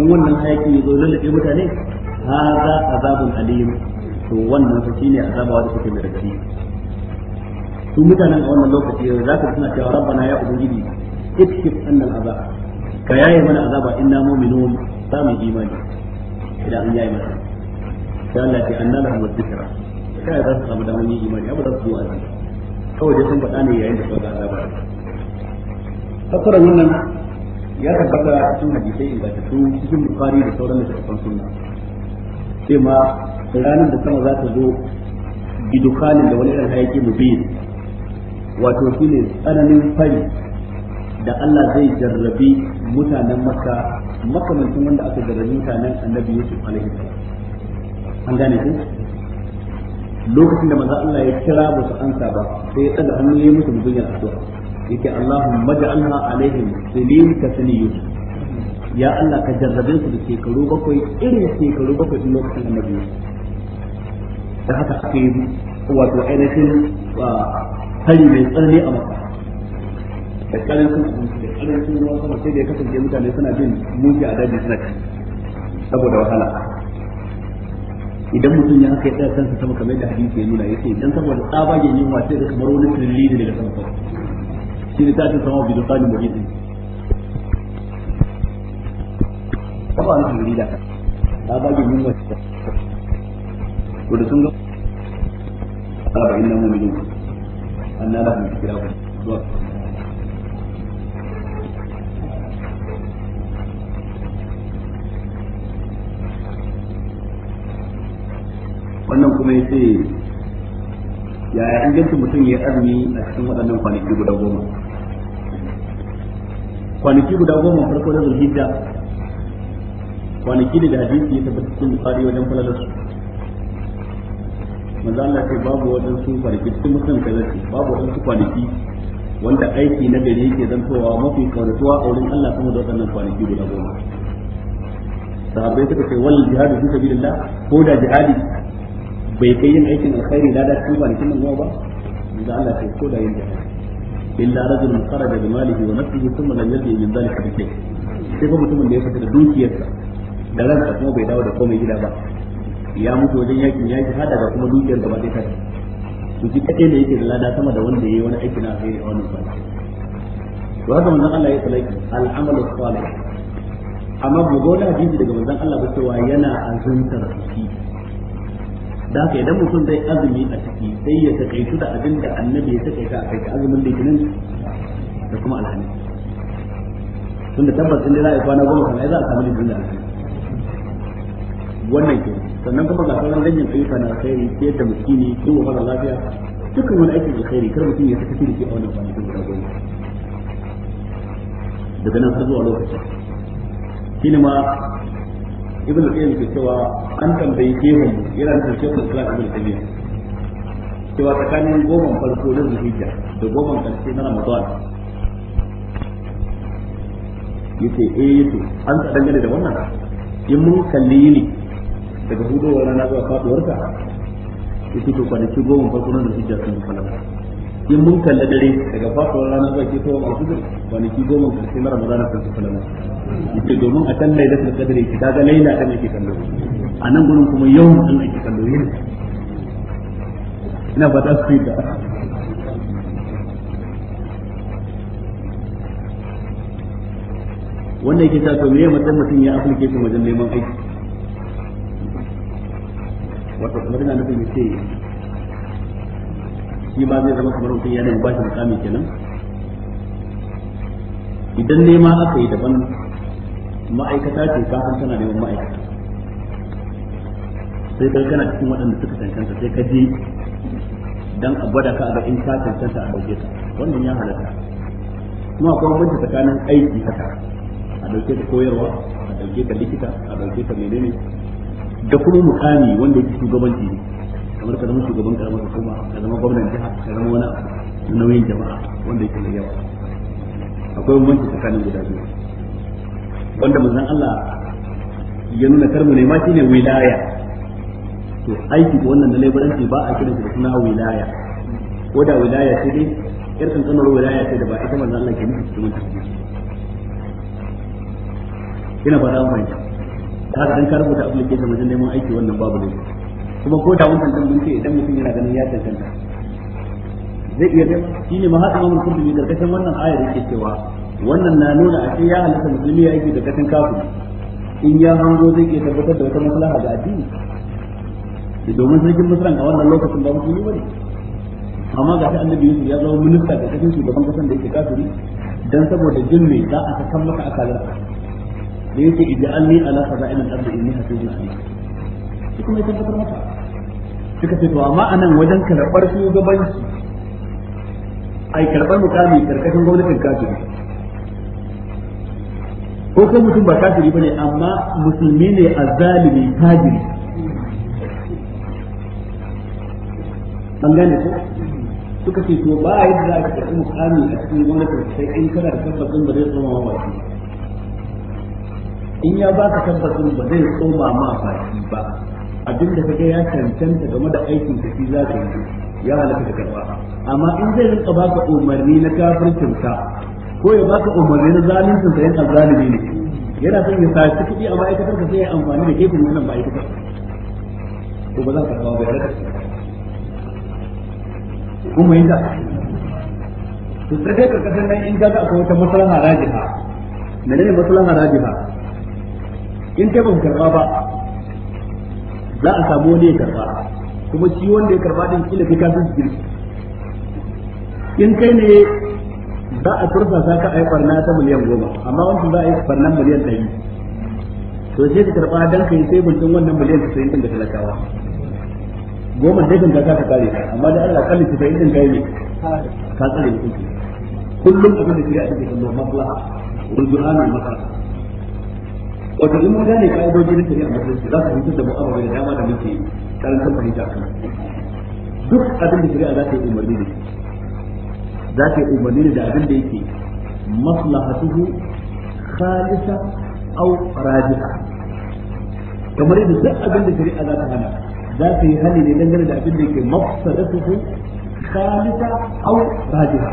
in wannan hayaki ya zo lullube mutane ha za azabun alim to wannan fa shine azaba da take mai radadi su mutanen a wannan lokaci za ka suna cewa rabbana ya ubangiji ikshif annal azaba ka yaye mana azaba inna mu'minun samun imani idan an yaye mana sai Allah ya anna lahum dhikra kai za su samu da wani imani abu da su wa'azi kawai dai sun faɗa ne yayin da suka azaba fakkara wannan ya tabbata cikin hadisai ingantattu cikin bukari da sauran littattafan sunna sai ma ranar da sama za ta zo bidukhanin da wani irin hayaki mubin wato shine tsananin fari da Allah zai jarrabi mutanen Makka makamancin wanda aka jarrabi mutanen Annabi Yusuf alaihi salam an gane ku lokacin da manzo Allah ya kira ba su ansa ba sai ya daga hannu ya musu mutunyar addu'a yake Allahumma ja'alha alaihim silin ka sani Yusuf ya Allah ka jarrabe su da shekaru bakwai irin shekaru bakwai din lokacin Annabi Yusuf da haka aka yi wato ainihin ah, hari mai tsanani a maka da sun abinci da karancin ruwan sama sai da ya kasance mutane suna bin muke a daji suna ci saboda wahala idan mutum ya haka ya tsaya kansa sama kamar da hadisi ya nuna ya ce idan saboda tsabagen yunwa sai da kamar wani tirili ne daga sama sama shi ne tashin sama bi dukkan muhidin kaba an tirili da tsabagen yunwa ta da sun ga arba'in na mu'minin أن wannan kuma ya ce yaya inganci mutum ya azumi a cikin waɗannan kwanaki guda goma kwanaki guda goma farko da zulhijja kwanaki da hadisi ya tabbata cikin bukari wajen falalarsu manzo Allah ce babu wajen wadansu kwanaki cikin mutum kaza ce babu wajen wadansu kwanaki wanda aiki na gari yake zantowa mafi kauratuwa a wurin Allah sama da waɗannan kwanaki guda goma sahabbai suka ce wal jihadu fi sabilillah ko da jihadi bai kai yin aikin alkhairi da da cikin kwanakin nan ba da Allah ce ko da yin jihadi illa rajul kharaja bi malihi wa nafsihi thumma lam yajid min dhalika bi sai ba mutumin da ya fita da dukiyarsa da ransa kuma bai dawo da komai gida ba ya mutu wajen yakin ya hada da kuma dukiyar gaba ɗaya ta to shi kake ne yake da lada sama da wanda yayi wani aiki na alheri a wannan kwanaki to haka manzon Allah ya tsalaiki al'amalu salih amma bai goda wani hadisi daga manzon Allah ba cewa yana azuntar shi da haka idan mutum zai azumi a ciki sai ya takaitu da abin da annabi ya takaita a kai azumin da kinin da kuma alhamis tunda tabbas in za a yi kwana goma kuma ai za a samu litinin da alhamis wannan kenan sannan kuma ga sauran dangin ayyuka na alkhairi ciyar da miskini yin wahala lafiya dukkan wani aikin alkhairi kar mutum ya saka shi da shi a wannan kwanakin guda goma daga nan har zuwa lokacin shi ne ma ibn al-qayyim ke cewa an tambayi gehun yana nufin shekul islam ibn al-qayyim cewa tsakanin goma farko na zuhijja da goma karshe na ramadan yace eh yace an tsada dangane da wannan in mun kalli ne daga hudowar rana zuwa faduwarta yake to kwanaki goma farko nan da hijja sun falala in mun kalla dare daga faduwar rana zuwa ketowar alfijir kwanaki goma karshe na ramadana sun yi falala yake domin a kan lailatul kadare ki daga laila dan yake kallo a nan gurin kuma yau dan yake kallo yin ina ta su yi da wannan yake ta to me ya mutum ya application wajen neman aiki wato kamar yana nufin yace shi ma zai zama kamar mutum ya bashi mukami kenan idan nema aka yi daban ma'aikata ce ka an tana neman ma'aikata sai kai kana cikin waɗanda suka cancanta sai ka je dan a gwada ka ga in ka cancanta a dauke ka wannan ya halatta kuma akwai bambanci tsakanin aiki haka a dauke ka koyarwa a dauke ka likita a dauke ka menene da kuma mukami wanda yake shugabanci ne kamar ka zama shugaban karamar hukuma ka zama gwamnan jiha ka zama wani abu nauyin jama'a wanda yake da yawa akwai bambanci tsakanin guda biyu wanda manzon Allah ya nuna karmu ne ma shine wilaya to aiki ko wannan da labaranci ba a kiransa da suna wilaya ko da wilaya ce dai yar kamar wilaya ce da ba ita manzon Allah ke nufi cikin wannan ina ba da mu fahimta kaga dan ka rubuta application wajen neman aiki wannan babu ne kuma ko da wannan dan mun ce idan mutum yana ganin ya tantance zai iya shi shine mahatma mun kurbi karkashin wannan ayar yake cewa wannan na nuna a ya halitta musulmi ya yi da katin kafu in ya hango zai iya tabbatar da wata maslaha ga addini domin sarkin musulman a wannan lokacin ba musulmi bane amma ga ta annabi Yusuf ya zama minista ga cikin shugaban kasan da yake kafiri dan saboda jin me za a kan maka akalar da yake ij'alni ala khaza'in al-ard inni hafizun alim shi kuma ya tabbatar mata suka ce to amma anan wajen gaban shugabanci ai karɓar mutane karkashin gwamnatin kafiri ko kai mutum ba kafiri bane amma musulmi ne azzalimi tajiri an gane ko suka ce to ba yadda za ka karɓi mukami a cikin gwamnatin sai in kana da tabbacin ba zai zama mawaci in ya baka tabbacin ba zai tsoma ma baki ba abin da ya cancanta game da aikin da shi za ka yi ya halaka da karba amma in zai rinka baka umarni na kafircin ka ko ya baka umarni na zalincin sa yana zalimi ne yana son ya saci kudi a ma'aikatar ka sai ya amfani da gefen wannan ma'aikatar ko ba za ka kawo bayanan ka kuma yin da to sai karkashin nan in ka ga akwai wata matsalar rajiha menene matsalar harajiha in dai ba ku karba ba za a samu wani ya karba kuma shi wanda ya karba din kila kai ka san shi in kai ne za a turfa sa ka ayi barna ta miliyan goma amma wancan za a yi barna miliyan ɗari to sai ka karba dan kai sai bincin wannan miliyan ta sayin da talakawa goma dai kan ka ka kare amma da Allah kalli sai sayin din kai ne ka tsare mutum kullum abin da shi ya ake kallon maslaha wal du'a masala wato in mun gane ka'idoji a a musulunci za su fitar da mu'amala da dama da muke karantar fahimta a kan duk abin da shari'a za ta yi umarni da za ta yi umarni da abin da yake maslahatuhu khalisa aw rajiha kamar yadda duk abin da shari'a za ta hana za ta yi hali ne dangane da abin da yake mafsadatuhu khalisa aw rajiha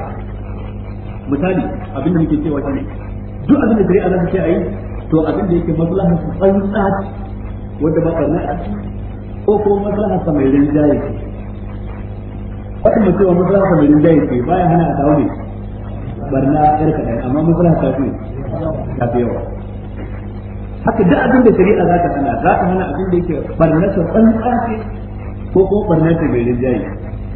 misali abin da muke cewa duk abin da shari'a za ta ce ayi to abin da yake maslahar sa tsantsa wanda ba karna a ko ko maslahar sa mai rinjaye ce wata mai cewa maslahar sa mai rinjaye ce baya hana a wani barna barna ka dai amma maslahar ta ce ta fi yawa haka duk abin da shari'a za ta hana za ta hana abin da yake barna sa tsantsa ce ko ko barna ta mai rinjaye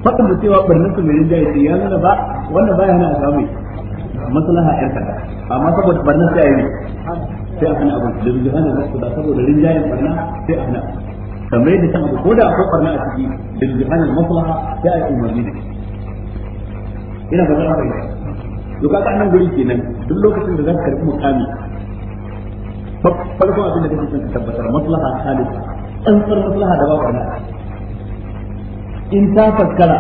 faɗin da cewa barna ta mai rinjaye ce ya nuna ba wanda baya hana a wani ne maslaha yar kaɗan amma saboda barna sai a yi sai a hana abin da rijihana za su da saboda rinjayen barna sai a hana kamar yadda san abu ko da akwai barna a ciki da rijihana maslaha sai a yi umarni da ina ba za a bayyana to kaga nan guri kenan duk lokacin da za ka karbi mukami farko abin da kake son ka tabbatar maslaha khalisa tsantsar maslaha da babu barna in ta faskara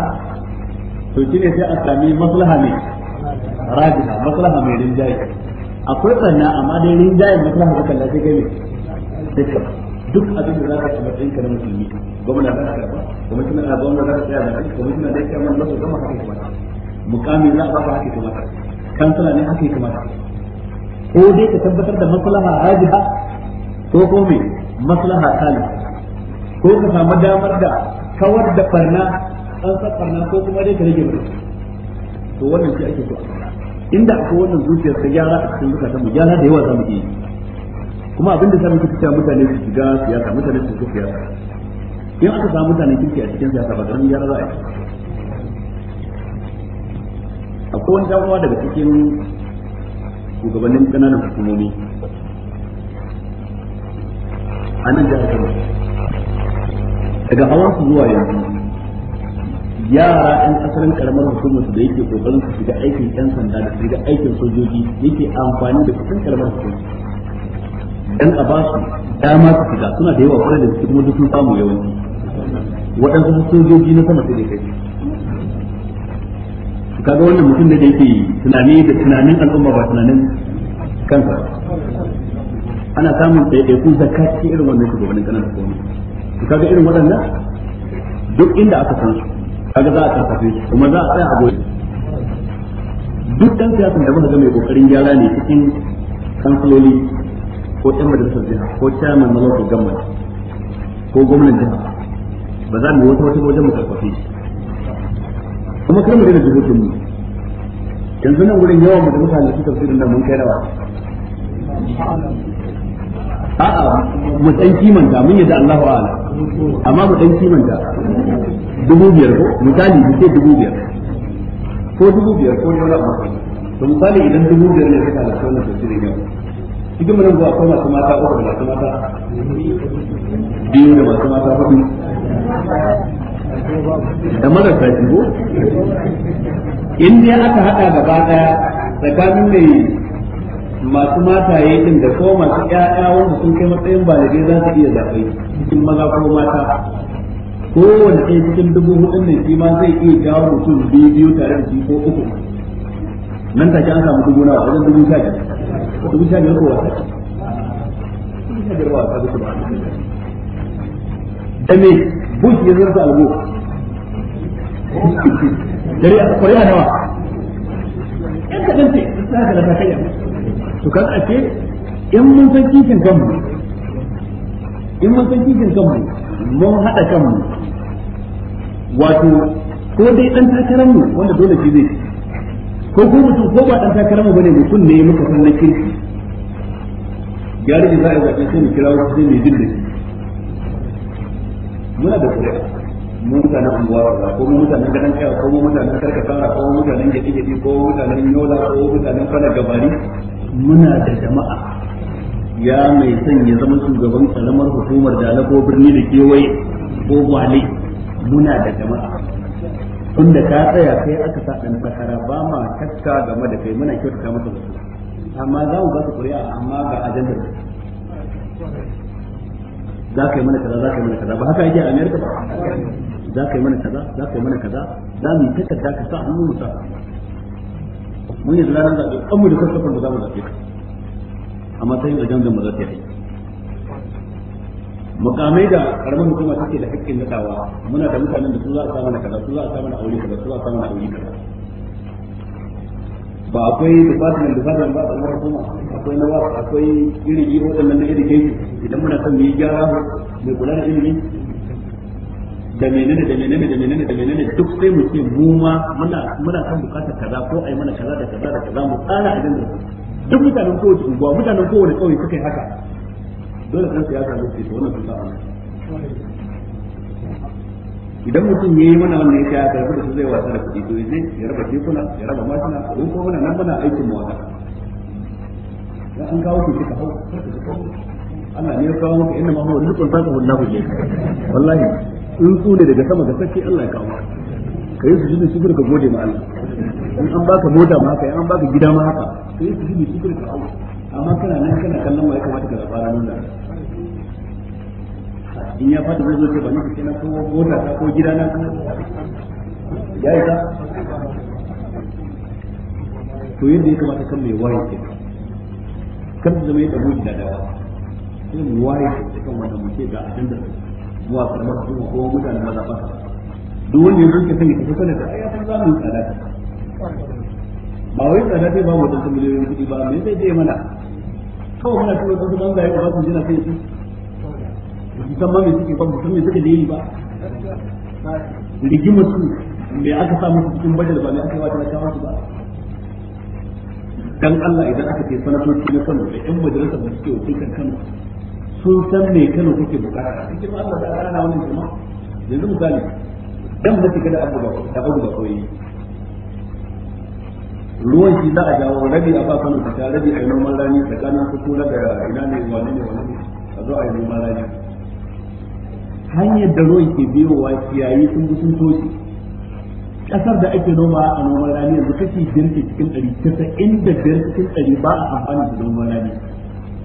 to shine sai a sami maslaha ne rajiha maslaha mai rinjaye akwai barna amma dai rinjayen maslaha da kalla sai kai ne dukkan duk abin da zaka ci matsayin ka na musulmi gwamna za ka karba kwamishina na gwamna za ka tsaya da kai kwamishina da ya kyamar nasu gama haka ya kamata mukami za a baka haka ya kamata kansala ne haka ya kamata ko dai ka tabbatar da maslaha rajiha ko ko me maslaha salis ko ka samu damar da kawar da farna, an san barna ko kuma dai ka rage mutum to wannan shi ake so inda akwai wannan zuciyar ta gyara a cikin zukatan mu gyara da yawa za mu iya kuma abinda da sa muke cewa mutane su shiga siyasa mutane su shiga siyasa in aka samu mutane kirki a cikin siyasa ba garin gyara za a yi akwai wani dawowa daga cikin shugabannin kananan hukumomi a nan jihar Kano daga hawan su zuwa yanzu yara ɗan asalin karamar hukumar da yake kokarin su shiga aikin ɗan sanda da shiga aikin sojoji yake amfani da kusan karamar hukumar dan a ba su dama su shiga suna da yawa kwarai da su kuma duk sun samu yawanci waɗansu sojoji na sama sai dai kai su kaga wannan mutum da yake tunani da tunanin al'umma ba tunanin kansa ana samun ɗaiɗaikun zakka cikin irin wannan shugabannin kanan da komai su kaga irin waɗannan duk inda aka san su kaga za a karfafe kuma za a tsaya a goyi duk dan siyasa da muka ga mai kokarin gyara ne cikin kansiloli ko ɗan majalisar jiha ko chairman na local government ko gwamnan jiha ba za mu wata wata wajen mu karfafe kuma kai mu da jihotun mu yanzu nan wurin yawan mu da mutane halarci tafsirin nan mun kai rawa. a'a mu san kimanta mun yadda Allahu a'ala amma mu dan kimanta dubu biyar ko misali mu ce dubu biyar ko dubu biyar ko ne wani abu to misali idan dubu biyar ne suka halarci wannan tafsirin yau cikin mu nan ba akwai masu mata ko da masu mata biyu da masu mata hudu da ta ko in dai aka hada gaba daya tsakanin mai masu mataye din da ko masu ƴaƴa wanda sun kai matsayin balagai za su iya zaɓe cikin maza ko mata kowane ɗaya cikin dubu hudun nan shi ma zai iya jawo mutum biyu biyu tare da shi ko uku nan take an samu dubu nawa wajen dubu sha biyar dubu sha biyar ko wata dubu sha biyar wata dubu ba da me bush ya zarta algo dare a kwariya nawa yan kaɗan ce ta haka da ta kai to kan a ce in mun san kishin kanmu in mun san kishin kanmu mun hada kanmu wato ko dai ɗan takarar mu wanda dole shi zai ko ko mutum ko ba ɗan takarar mu bane mutum ne muka san na kirki gyara da za a yi zaɓe sai mu kira wasu sai mai jin da shi muna da kuri'a mu mutanen unguwa ba ko mu mutanen gadan kaya ko mu mutanen karkasara ko mu mutanen gidi gidi ko mutanen yola ko mutanen fara gabari muna da jama'a ya mai son ya zama shugaban kalamar hukumar da ko birni da kewaye ko wale muna da jama'a tunda ka tsaya kai aka sa ɗan takara ba ma kakka game da kai muna kyautata masa da su amma za mu ba su ƙuri'a amma ga ajandar za ka yi mana kaza za ka yi mana kaza ba haka yake a amerika ba za ka yi mana kaza za ka yi mana kaza za mu yi takarda ka sa hannu mu sa mun yi ranar zaɓe an mu da kasafin da za mu zaɓe ka amma ta da jan ba za ta yi mukamai da karamin hukuma take da hakkin nadawa muna da mutanen da su za a sa mana kaza su za a sa mana aure kaza su za a sa mana aure kaza ba akwai department department ba kamar hukuma akwai na akwai irin yi waɗannan na education idan muna son mu yi gyara mai kula da ilimi da menene da menene da menene da menene duk sai mu ce mu ma muna muna kan bukatar kaza ko ai mana kaza da kaza da kaza mu tsara a dangar duk mutanen ko kowace gwa mutanen kowace kauye suka yi haka dole kan siyasa ne ce wannan sun sa'a idan mutum yayi mana wannan yake ya karbi da su zai wasa da kudi to yaje ya raba kekuna ya raba mashina don ko muna nan muna aikin mu wasa ya an kawo ku kika hau Allah ne ya kawo maka inna ma huwa rizqun fatahu Allahu wallahi tsuntsu ne daga sama ga sashi Allah ya kawo ka yi sujudu shukur ka gode ma Allah in an baka mota ma haka in an baka gida ma haka ka yi sujudu shukur ka Allah amma kana nan kana kallon wa ya kamata ka zaba ranar da in ya fata zai zo ce ba nake na ko mota ta ko gida na ko ya yi ta to yadda ya kamata kan mai waye ke kan zama ya dago gida dawa irin waye ke kan wanda muke ga ajandar zuwa karamar hukuma ko mutanen mazaɓa duk wanda ya rike sanya tafi sanar da ai ya san tsada ba wai tsada dai ba wajen miliyoyin kuɗi ba me zai je mana kawai muna cewa sun san zai ba su jina kai su san ma me suke ba mutum me suke da ba rigima su me aka sa musu cikin bajal ba me aka yi wa talakawa su ba dan Allah idan aka ce sanatoci na Kano da ƴan majalisar da suke wakiltar Kano sun san me kano kuke bukata a cikin Allah da rana wannan jama'a yanzu misali dan da take da abu da da abu da koyi ruwan shi za a jawo rabi a bakan ta ta rabi a noman rani tsakanin su kula da ina ne wani ne wani a zo a yi noman rani hanyar da ruwan ke biyo wa kiyayi sun bi sun toshe kasar da ake noma a noman rani yanzu kashi biyar cikin ɗari casa'in inda biyar cikin ɗari ba a amfani da noman rani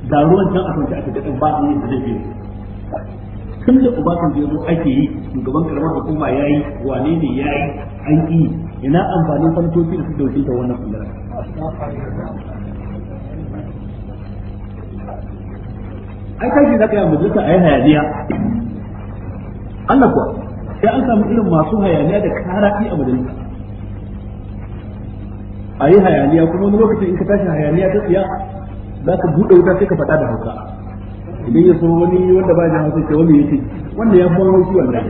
ga ruwan can a kwanci a cikin ba ne da zai tun da uba kan biyo ake yi shugaban karamar hukuma ya yi wane ne ya yi an yi ina amfanin fantoci da suke ta wannan kundara ai kashi zaka yi majalisa a yi hayaniya Allah kuwa sai an samu irin masu hayaniya da karafi a majalisa a yi hayaniya kuma wani lokacin in ka tashi hayaniya ta tsiya za ka buɗe wuta sai ka faɗa da hausa idan ya so wani wanda ba ya hausa ke wanda ya wanda ya fara wasu wanda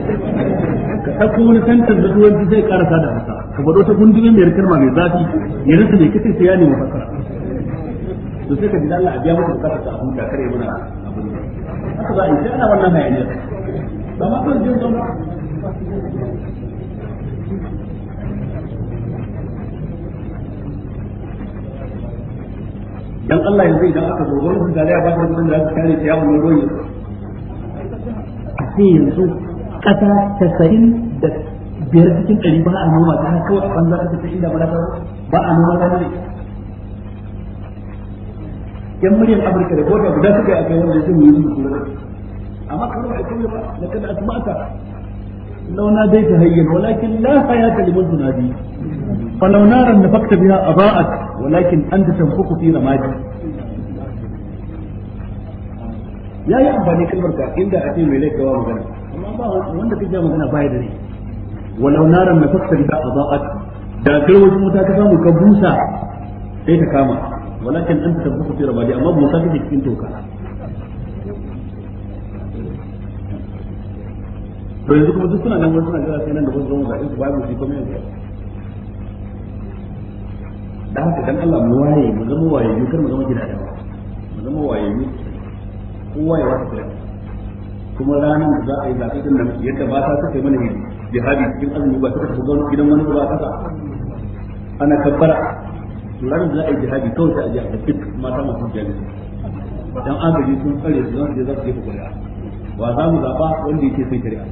ka ɗauko wani santar da turanci zai karasa da hausa ka faɗo ta gundumin mai kalma mai zafi ya rasa mai kace sai ya nemi fasara to sai ka ji Allah a biya mutum bukatar ta abun kakar ya muna abun haka za a yi sai ana wannan hayaniyar ba ma kan jin zama dan Allah yanzu idan aka zo wani da ya ba ta gurin da aka kare ta ya wannan royi a sai yanzu kasa ta sarin da biyar cikin ɗari ba a noma ta haka wata banza ta ta inda ba ba a noma ta ne yan muryar Amurka da kota guda suka yi a kai wanda zai yi su kuma amma kamar a kai ba da kada asbata launa dai ta hayyan walakin la hayata liman tunadi فلو نارا نفقت بها أضاءت ولكن أنت تنفق في رمادي ya yi amfani kalmar ka inda a ce mai laifawa magana amma ba wanda kake magana baya da ne walau naran mai fakta da aza'at da kai wajen wuta ka ka busa sai ta kama walakin an ta fira amma busa cikin toka to yanzu kuma duk suna nan wasu na jira sai nan da wasu zama ba su ba mu shi kuma yanzu da haka dan Allah mu waye mu zama waye mu kar mu zama gidaje mu zama waye mu kowa ya wata kula kuma ranan da za a yi zakatun din nan yadda ba ta suka yi mana jihadi cikin azumi ba suka shiga gidan wani ba kasa ana kabbara ranar da za a yi jihadi kawai sai a ji a duk mata masu jami'a dan agaji sun tsare su zan je za su jefa kuri'a wa za mu zaba wanda yake son shari'a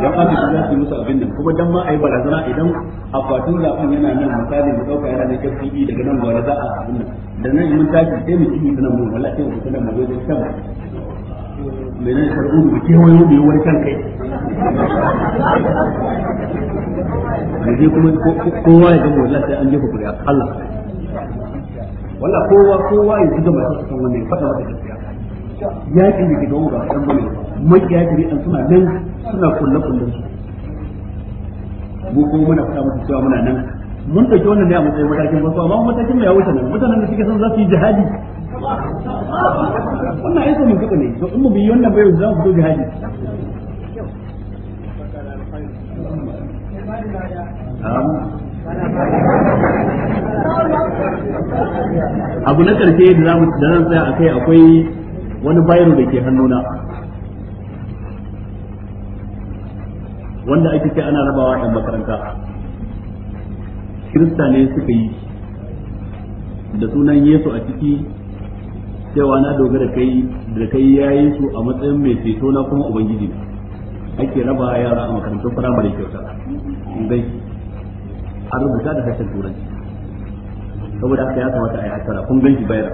dan aka shiga su musu abin da kuma dan ma yi barazana idan akwatin zaɓen yana nan misali mu ɗauka yana da fiye daga nan gwara za a abin nan da nan mun tafi sai mu kiyi sunan mun wala sai mu kusa mu zai da kan menene karbu mu ke wani mu wani kan kai yanzu kuma kowa ya ga wani sai an jefa kuri'a Allah wala kowa kowa ya tuga masu cikin wannan ya fada mata gaskiya yakin da ke gawo ba kan bane makiya jami'an suna nan suna kulle kullen su mu ko muna fada musu cewa muna nan mun dauki wannan ne a matsayin matakin wasu amma matakin mai ya wuce nan mutanen da suke son za su yi jihadi wannan ayyuka mun kuka ne to in mu bi wannan yanzu za mu fito jihadi Um, abu na karshe da zamu da zan tsaya akai akwai wani bayro da ke hannuna wanda ake ce ana rabawa a makaranta kirista ne suka yi da sunan yesu a ciki cewa na dogara kai da kai yi su a matsayin mai ceto na kuma ubangiji ake raba yara a makarantun firamare kyauta dai a rubuta da harshen turanci saboda aka ya kamata a yi hasara kun gan shi bayar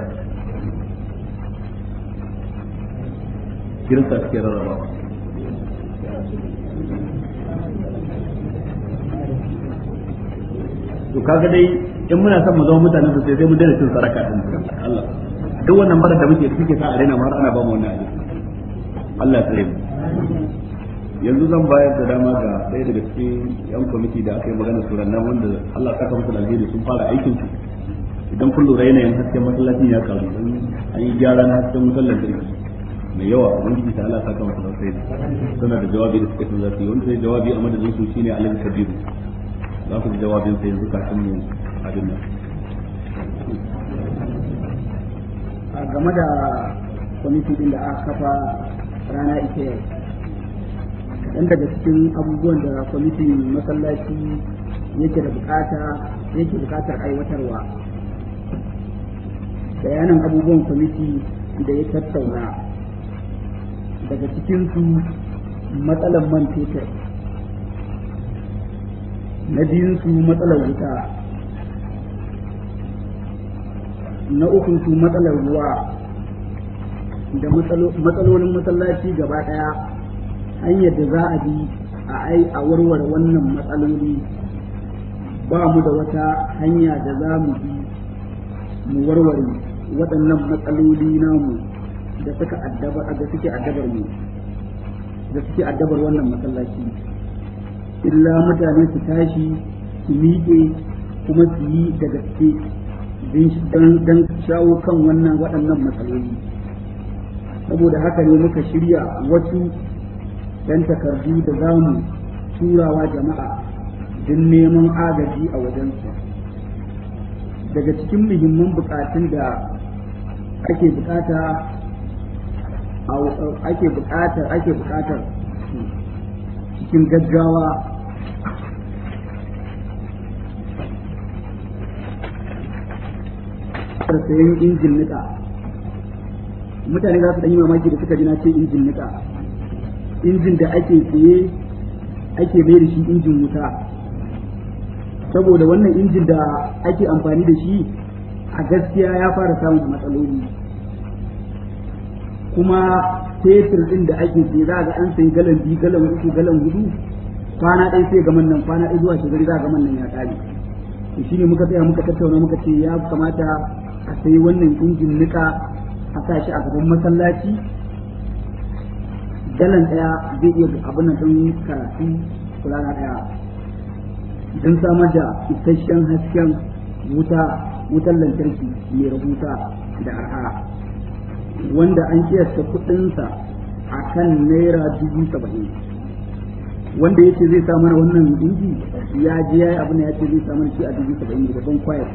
girka suke rarrabawa to kaga dai in muna son mu zama mutanen su sai mu daina cin saraka din Allah duk wannan bara da muke suke sa a raina mu har ana ba mu wannan aji Allah ya tsare mu yanzu zan bayar da dama ga ɗaya daga cikin yan kwamiti da aka yi magana suran nan wanda Allah saka musu alheri sun fara aikin su idan kun lura yanayin hasken masallacin ya karu an yi gyara na hasken masallacin mai yawa ubangiji ta Allah saka masa sai suna da jawabi da suka tunza su sai jawabi a madadin su shine Alhaji Kabiru za ku jawabin sai yanzu kafin mu abin nan game da kwamiti din da aka kafa rana ita yau yan daga cikin abubuwan da kwamitin masallaci yake da bukata yake bukatar aiwatarwa bayanin abubuwan kwamiti da ya tattauna daga cikin su matsalar man fetur na biyun su matsalar wuta na ukun su matsalar ruwa da matsalolin masallaci gaba daya hanyar da za a bi a ai a warware wannan matsaloli ba mu da wata hanya da za mu bi mu warware waɗannan matsaloli namu da suka addaba da suke addabar mu da suke addabar wannan masallaci illa mutane su tashi su miƙe kuma su yi da gaske don shawo kan wannan waɗannan matsaloli saboda haka ne muka shirya wasu ɗan takardu da za mu turawa jama'a don neman agaji a wajensu daga cikin muhimman bukatun da ake bukata ake bukatar ake bukatar cikin gaggawa a sayan injin nika mutane za su yi mamaki da suka ji na ce injin nika injin da ake tsaye ake mai da shi injin wuta saboda wannan injin da ake amfani da shi a gaskiya ya fara samun matsaloli kuma fetur din da ake ce za ga an sai galan biyu galan uku galan hudu kwana ɗaya sai ga nan kwana ɗaya zuwa shigar za ga nan ya da to shine muka tsaya muka tattauna muka ce ya kamata a sayi wannan injin nika a sa shi a gaban masallaci galan ɗaya zai iya abin nan don karatu na ɗaya don samar da isasshen hasken wuta Wutar lantarki mai rahusa da arha wanda an kiyasta kudinsa a kan naira dubu saba'in wanda ya ce zai sa mana wannan inji ya je ya yi abin ya ce zai sa mana shi a dubu saba'in da babban kwaya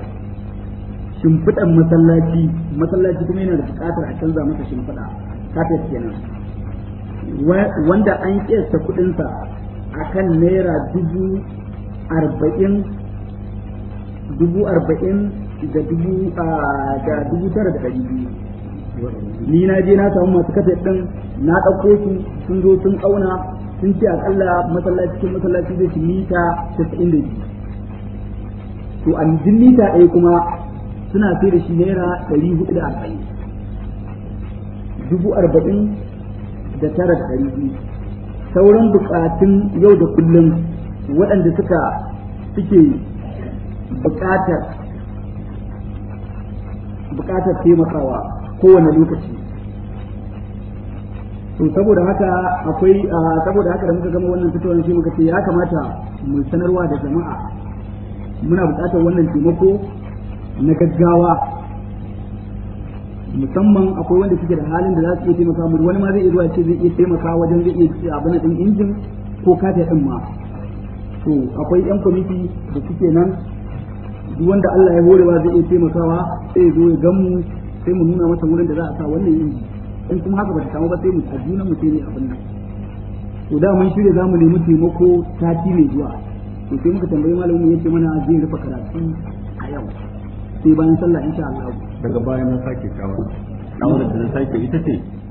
shimfiɗan masallaci masallaci kuma yana da buƙatar a canza masa shimfiɗa kafet kenan wanda an kiyasta kudinsa a kan naira dubu arba'in dubu arba'in da dubu ah, da dubu tara da ɗari biyu ni na je na samu masu kasa ɗin na ɗauko su sun zo sun ƙauna sun ce akalla masallaci cikin masallaci zai shi mita casa'in da biyu to a jin mita ɗaya kuma suna sai da shi naira ɗari hudu da arba'in dubu arba'in da tara da ɗari biyu sauran bukatun yau da kullum waɗanda suka suke bukatar buƙatar taimakawa kowane lokaci to saboda haka akwai saboda haka da muka gama wannan fitowar shi muka ce ya kamata mu sanarwa da jama'a muna buƙatar wannan taimako na gaggawa musamman akwai wanda suke da halin da za su iya taimaka mu wani ma zai iya zuwa ce zai iya taimaka wajen zai iya abin din injin ko kafe din ma to akwai yan kwamiti da suke nan duk wanda Allah ya ba zai iya taimakawa sai zo ya gamu sai mu nuna masa wurin da za a sa wannan yin in kuma haka ba ta samu ba sai mu tsajuna mu sai ne abin nan to da mun shirya zamu nemi taimako tati mai zuwa to sai muka tambayi malamin yace mana zai rufe karatu a yau sai bayan sallah insha Allah daga bayan na sake kawo kawo da ta sake ita ce